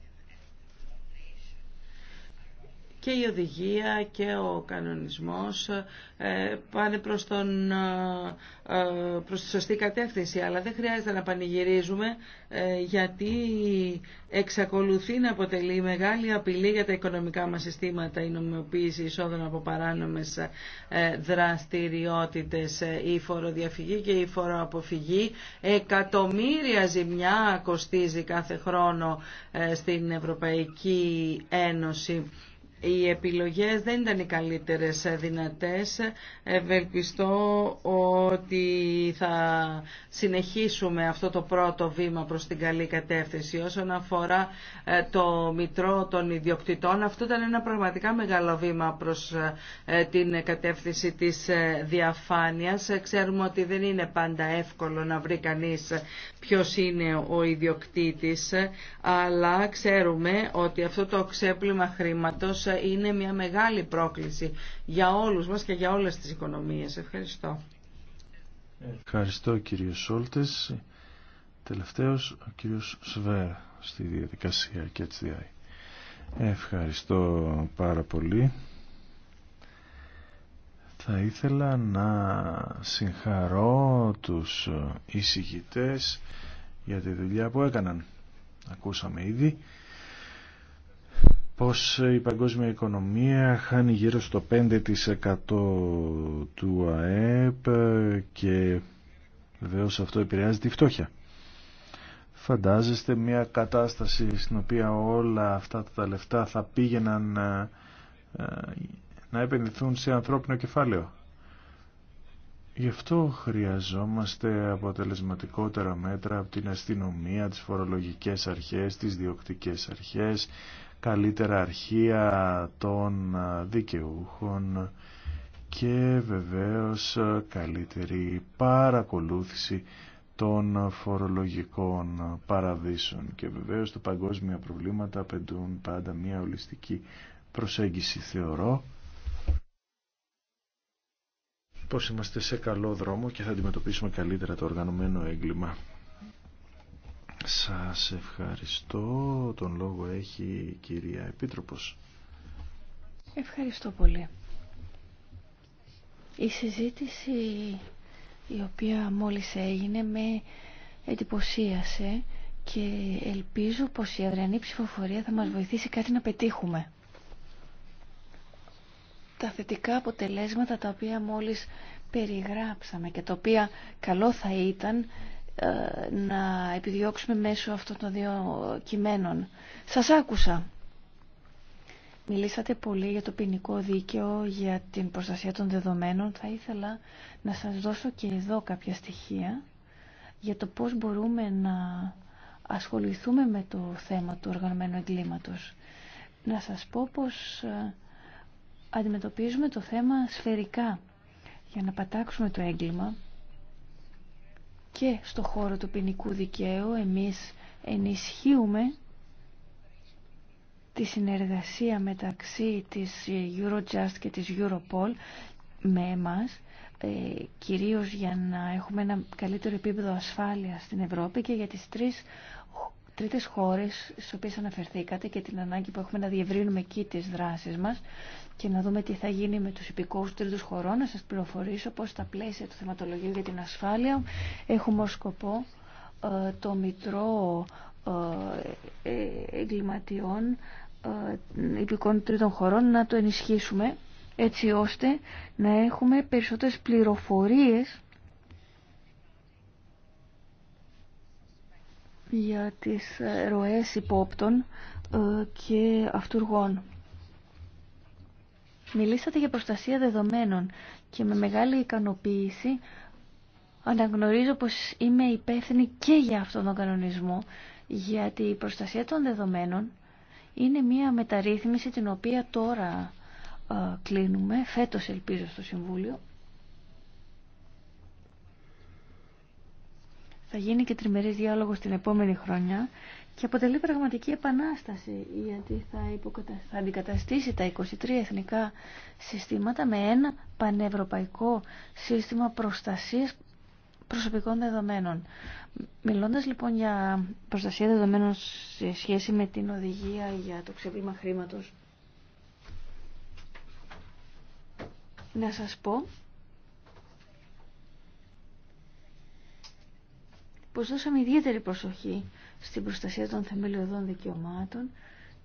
και η οδηγία και ο κανονισμός ε, πάνε προς, τον, ε, ε, προς τη σωστή κατεύθυνση. Αλλά δεν χρειάζεται να πανηγυρίζουμε γιατί εξακολουθεί να αποτελεί μεγάλη απειλή για τα οικονομικά μας συστήματα η νομιμοποίηση εισόδων από παράνομες δραστηριότητες, η φοροδιαφυγή και η φοροαποφυγή. Εκατομμύρια ζημιά κοστίζει κάθε χρόνο στην Ευρωπαϊκή Ένωση οι επιλογές δεν ήταν οι καλύτερες δυνατές. Ευελπιστώ ότι θα συνεχίσουμε αυτό το πρώτο βήμα προς την καλή κατεύθυνση. Όσον αφορά ε, το Μητρό των Ιδιοκτητών, αυτό ήταν ένα πραγματικά μεγάλο βήμα προς ε, την κατεύθυνση της ε, διαφάνειας. Ξέρουμε ότι δεν είναι πάντα εύκολο να βρει κανείς ποιος είναι ο ιδιοκτήτης, αλλά ξέρουμε ότι αυτό το ξέπλυμα χρήματος είναι μια μεγάλη πρόκληση για όλους μας και για όλες τις οικονομίες. Ευχαριστώ. Ευχαριστώ κύριε Σόλτες. Τελευταίος ο κύριος Σβέρ στη διαδικασία και έτσι Ευχαριστώ πάρα πολύ. Θα ήθελα να συγχαρώ τους εισηγητές για τη δουλειά που έκαναν. Ακούσαμε ήδη πως η παγκόσμια οικονομία χάνει γύρω στο 5% του ΑΕΠ και βεβαίω αυτό επηρεάζει τη φτώχεια. Φαντάζεστε μια κατάσταση στην οποία όλα αυτά τα λεφτά θα πήγαιναν να, ε, να επενδυθούν σε ανθρώπινο κεφάλαιο. Γι' αυτό χρειαζόμαστε αποτελεσματικότερα μέτρα από την αστυνομία, τις φορολογικές αρχές, τις διοκτικές αρχές, καλύτερα αρχεία των ε, δικαιούχων και βεβαίως ε, καλύτερη παρακολούθηση των φορολογικών παραδείσων και βεβαίως τα παγκόσμια προβλήματα απαιτούν πάντα μια ολιστική προσέγγιση θεωρώ πως είμαστε σε καλό δρόμο και θα αντιμετωπίσουμε καλύτερα το οργανωμένο έγκλημα. Σας ευχαριστώ. Τον λόγο έχει η κυρία Επίτροπος. Ευχαριστώ πολύ. Η συζήτηση η οποία μόλις έγινε με εντυπωσίασε και ελπίζω πως η αδριανή ψηφοφορία θα μας βοηθήσει κάτι να πετύχουμε. Τα θετικά αποτελέσματα τα οποία μόλις περιγράψαμε και τα οποία καλό θα ήταν ε, να επιδιώξουμε μέσω αυτών των δύο κειμένων. Σας άκουσα. Μιλήσατε πολύ για το ποινικό δίκαιο, για την προστασία των δεδομένων. Θα ήθελα να σας δώσω και εδώ κάποια στοιχεία για το πώς μπορούμε να ασχοληθούμε με το θέμα του οργανωμένου εγκλήματος. Να σας πω πως ε, αντιμετωπίζουμε το θέμα σφαιρικά. Για να πατάξουμε το έγκλημα και στο χώρο του ποινικού δικαίου εμείς ενισχύουμε τη συνεργασία μεταξύ της Eurojust και της Europol με εμάς ε, κυρίως για να έχουμε ένα καλύτερο επίπεδο ασφάλειας στην Ευρώπη και για τις τρεις τρίτες χώρες στις οποίες αναφερθήκατε και την ανάγκη που έχουμε να διευρύνουμε εκεί τις δράσεις μας και να δούμε τι θα γίνει με τους υπηκόους τρίτους χωρών. Να σας πληροφορήσω πως στα πλαίσια του θεματολογίου για την ασφάλεια έχουμε ως σκοπό ε, το Μητρό ε, ε, Εγκληματιών Υπηκών Τρίτων Χωρών να το ενισχύσουμε έτσι ώστε να έχουμε περισσότερες πληροφορίες για τις ε, ροές υπόπτων ε, και αυτούργων. Μιλήσατε για προστασία δεδομένων και με μεγάλη ικανοποίηση αναγνωρίζω πως είμαι υπεύθυνη και για αυτόν τον κανονισμό γιατί η προστασία των δεδομένων είναι μια μεταρρύθμιση την οποία τώρα ε, κλείνουμε, φέτος ελπίζω στο Συμβούλιο Θα γίνει και τριμερής διάλογος την επόμενη χρονιά και αποτελεί πραγματική επανάσταση γιατί θα, αντικαταστήσει τα 23 εθνικά συστήματα με ένα πανευρωπαϊκό σύστημα προστασίας προσωπικών δεδομένων. Μιλώντας λοιπόν για προστασία δεδομένων σε σχέση με την οδηγία για το ξεπλήμα χρήματος, να σας πω πως δώσαμε ιδιαίτερη προσοχή στην προστασία των θεμελιωδών δικαιωμάτων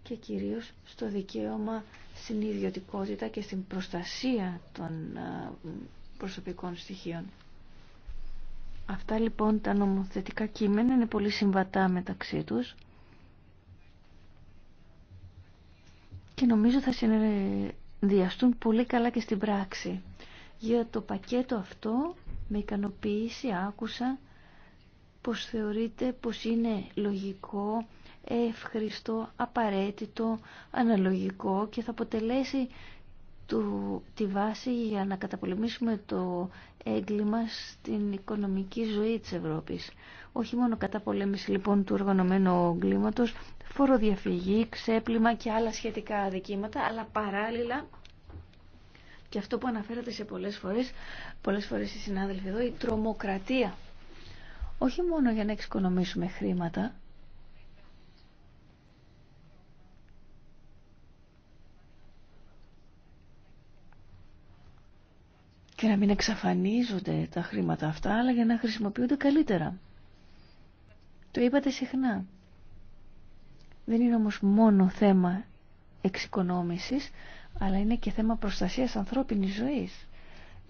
και κυρίως στο δικαίωμα στην ιδιωτικότητα και στην προστασία των ε, προσωπικών στοιχείων. Αυτά λοιπόν τα νομοθετικά κείμενα είναι πολύ συμβατά μεταξύ τους και νομίζω θα συνδυαστούν πολύ καλά και στην πράξη. Για το πακέτο αυτό με ικανοποίηση άκουσα πως θεωρείται πως είναι λογικό, ευχριστό, απαραίτητο, αναλογικό και θα αποτελέσει του, τη βάση για να καταπολεμήσουμε το έγκλημα στην οικονομική ζωή της Ευρώπης. Όχι μόνο καταπολέμηση λοιπόν του οργανωμένου εγκλήματος, φοροδιαφυγή, ξέπλυμα και άλλα σχετικά αδικήματα, αλλά παράλληλα και αυτό που αναφέρατε σε πολλές φορές, πολλές φορές οι συνάδελφοι εδώ, η τρομοκρατία όχι μόνο για να εξοικονομήσουμε χρήματα, και να μην εξαφανίζονται τα χρήματα αυτά, αλλά για να χρησιμοποιούνται καλύτερα. Το είπατε συχνά. Δεν είναι όμως μόνο θέμα εξοικονόμησης, αλλά είναι και θέμα προστασίας ανθρώπινης ζωής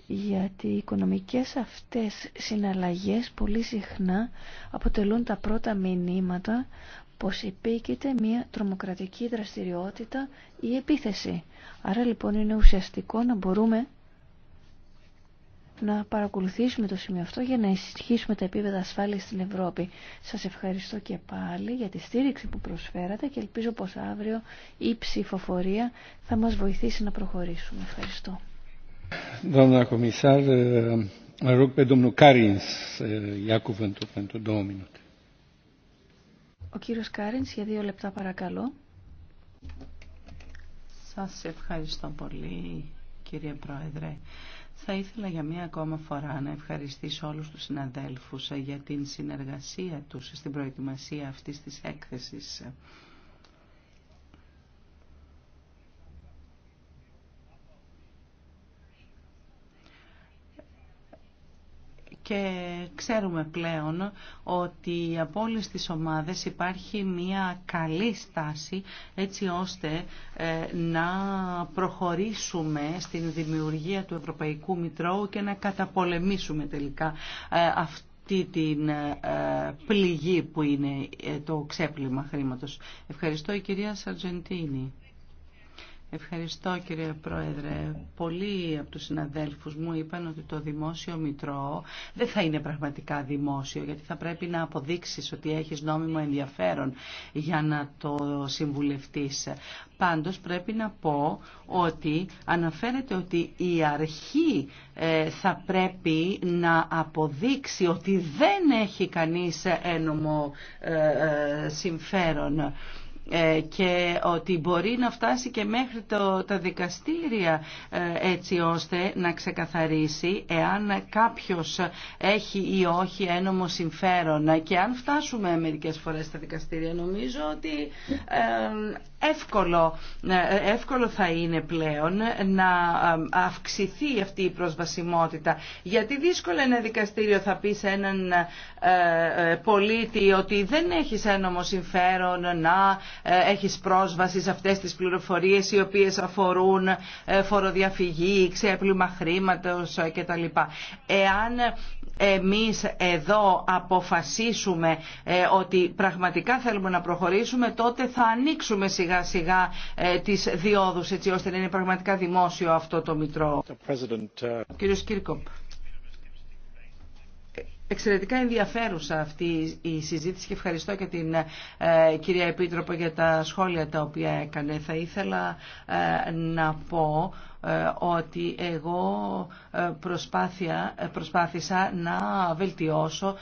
γιατί οι οικονομικές αυτές συναλλαγές πολύ συχνά αποτελούν τα πρώτα μηνύματα πως υπήκεται μια τρομοκρατική δραστηριότητα ή επίθεση. Άρα λοιπόν είναι ουσιαστικό να μπορούμε να παρακολουθήσουμε το σημείο αυτό για να ισχύσουμε τα επίπεδα ασφάλειας στην Ευρώπη. Σας ευχαριστώ και πάλι για τη στήριξη που προσφέρατε και ελπίζω πως αύριο η ψηφοφορία θα μας βοηθήσει να προχωρήσουμε. Ευχαριστώ comisar, rog pe domnul Carins ia cuvântul Ο κύριος Κάρινς για δύο λεπτά παρακαλώ. Σας ευχαριστώ πολύ κύριε Πρόεδρε. Θα ήθελα για μία ακόμα φορά να ευχαριστήσω όλους τους συναδέλφους για την συνεργασία τους στην προετοιμασία αυτής της έκθεσης. και ξέρουμε πλέον ότι από όλε τι ομάδες υπάρχει μια καλή στάση έτσι ώστε ε, να προχωρήσουμε στην δημιουργία του Ευρωπαϊκού Μητρώου και να καταπολεμήσουμε τελικά ε, αυτή την ε, πληγή που είναι το ξέπλυμα χρήματος. Ευχαριστώ η κυρία Σαρτζεντίνη. Ευχαριστώ κύριε Πρόεδρε. Πολλοί από τους συναδέλφους μου είπαν ότι το δημόσιο μητρό δεν θα είναι πραγματικά δημόσιο γιατί θα πρέπει να αποδείξεις ότι έχεις νόμιμο ενδιαφέρον για να το συμβουλευτείς. Πάντως πρέπει να πω ότι αναφέρεται ότι η αρχή ε, θα πρέπει να αποδείξει ότι δεν έχει κανείς ένομο ε, ε, συμφέρον. Ε, και ότι μπορεί να φτάσει και μέχρι το, τα δικαστήρια ε, έτσι ώστε να ξεκαθαρίσει εάν κάποιος έχει ή όχι ένομο συμφέρον και αν φτάσουμε μερικές φορές στα δικαστήρια νομίζω ότι ε, εύκολο, εύκολο θα είναι πλέον να αυξηθεί αυτή η προσβασιμότητα γιατί δύσκολο ένα δικαστήριο θα πει σε έναν πολίτη ότι δεν έχεις ένομο συμφέρον να ε, έχεις πρόσβαση σε αυτές τις πληροφορίες οι οποίες αφορούν ε, φοροδιαφυγή, ξέπλυμα χρήματος ε, κτλ. Εάν εμείς εδώ αποφασίσουμε ότι πραγματικά θέλουμε να προχωρήσουμε τότε θα ανοίξουμε σιγά σιγά τις διόδους έτσι ώστε να είναι πραγματικά δημόσιο αυτό το Μητρό. Εξαιρετικά ενδιαφέρουσα αυτή η συζήτηση και ευχαριστώ και την ε, κυρία Επίτροπο για τα σχόλια τα οποία έκανε. Θα ήθελα ε, να πω ε, ότι εγώ ε, ε, προσπάθησα να βελτιώσω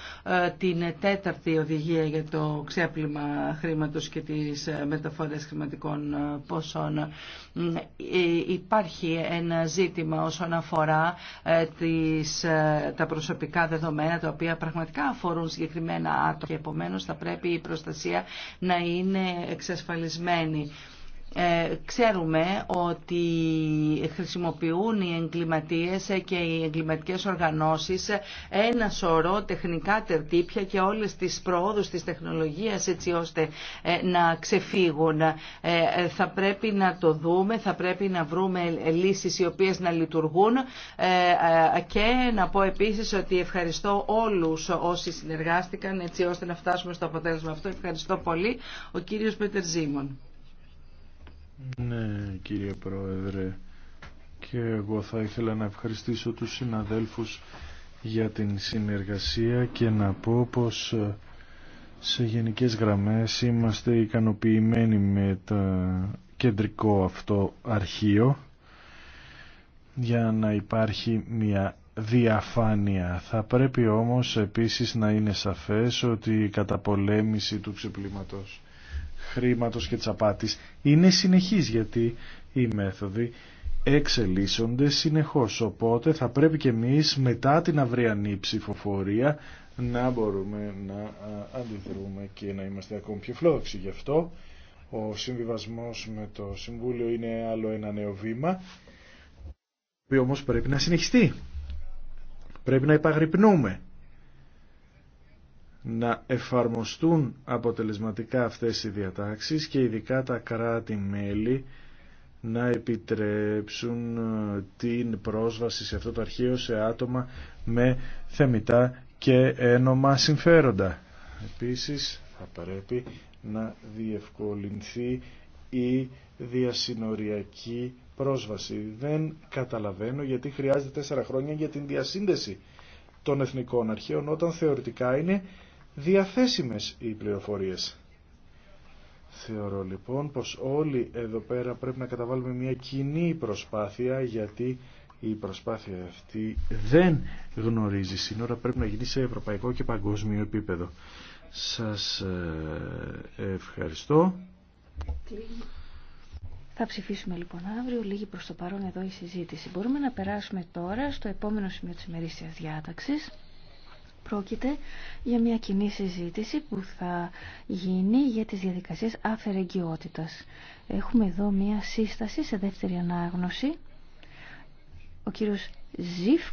την τέταρτη οδηγία για το ξέπλυμα χρήματος και τις μεταφορές χρηματικών ποσών. Υπάρχει ένα ζήτημα όσον αφορά τις, τα προσωπικά δεδομένα τα οποία πραγματικά αφορούν συγκεκριμένα άτομα και επομένως θα πρέπει η προστασία να είναι εξασφαλισμένη. Ε, ξέρουμε ότι χρησιμοποιούν οι εγκληματίες και οι εγκληματικές οργανώσεις ένα σωρό τεχνικά τερτύπια και όλες τις προόδους της τεχνολογίας έτσι ώστε ε, να ξεφύγουν. Ε, θα πρέπει να το δούμε, θα πρέπει να βρούμε λύσεις οι οποίες να λειτουργούν και να πω επίσης ότι ευχαριστώ όλους όσοι συνεργάστηκαν έτσι ώστε να φτάσουμε στο αποτέλεσμα αυτό. Ευχαριστώ πολύ. Ο κύριος Πέτερ ναι, κύριε Πρόεδρε, και εγώ θα ήθελα να ευχαριστήσω τους συναδέλφους για την συνεργασία και να πω πως ε, σε γενικές γραμμές είμαστε ικανοποιημένοι με το κεντρικό αυτό αρχείο για να υπάρχει μια διαφάνεια. Θα πρέπει όμως επίσης να είναι σαφές ότι η καταπολέμηση του ξεπλήματος χρήματος και της απάτης είναι συνεχής γιατί οι μέθοδοι εξελίσσονται συνεχώς. Οπότε θα πρέπει και εμείς μετά την αυριανή ψηφοφορία να μπορούμε να αντιδρούμε και να είμαστε ακόμη πιο φλόδοξοι. Γι' αυτό ο συμβιβασμός με το Συμβούλιο είναι άλλο ένα νέο βήμα, που όμως πρέπει να συνεχιστεί. Πρέπει να υπαγρυπνούμε να εφαρμοστούν αποτελεσματικά αυτές οι διατάξεις και ειδικά τα κράτη-μέλη να επιτρέψουν ε, την πρόσβαση σε αυτό το αρχείο σε άτομα με θεμητά και ένομα συμφέροντα. Επίσης θα πρέπει να διευκολυνθεί η διασυνοριακή πρόσβαση. Δεν καταλαβαίνω γιατί χρειάζεται τέσσερα χρόνια για την διασύνδεση των εθνικών αρχείων όταν θεωρητικά είναι διαθέσιμες οι πληροφορίες. Θεωρώ λοιπόν πως όλοι εδώ πέρα πρέπει να καταβάλουμε μια κοινή προσπάθεια γιατί η προσπάθεια αυτή δεν γνωρίζει σύνορα, πρέπει να γίνει σε ευρωπαϊκό και παγκόσμιο επίπεδο. Σας ε, ευχαριστώ. Θα ψηφίσουμε λοιπόν αύριο, λίγη προς το παρόν εδώ η συζήτηση. Μπορούμε να περάσουμε τώρα στο επόμενο σημείο της ημερήσιας διάταξης. Πρόκειται για μια κοινή συζήτηση που θα γίνει για τις διαδικασίες αφαιρεγγιότητας. Έχουμε εδώ μια σύσταση σε δεύτερη ανάγνωση. Ο κύριος Ζήφ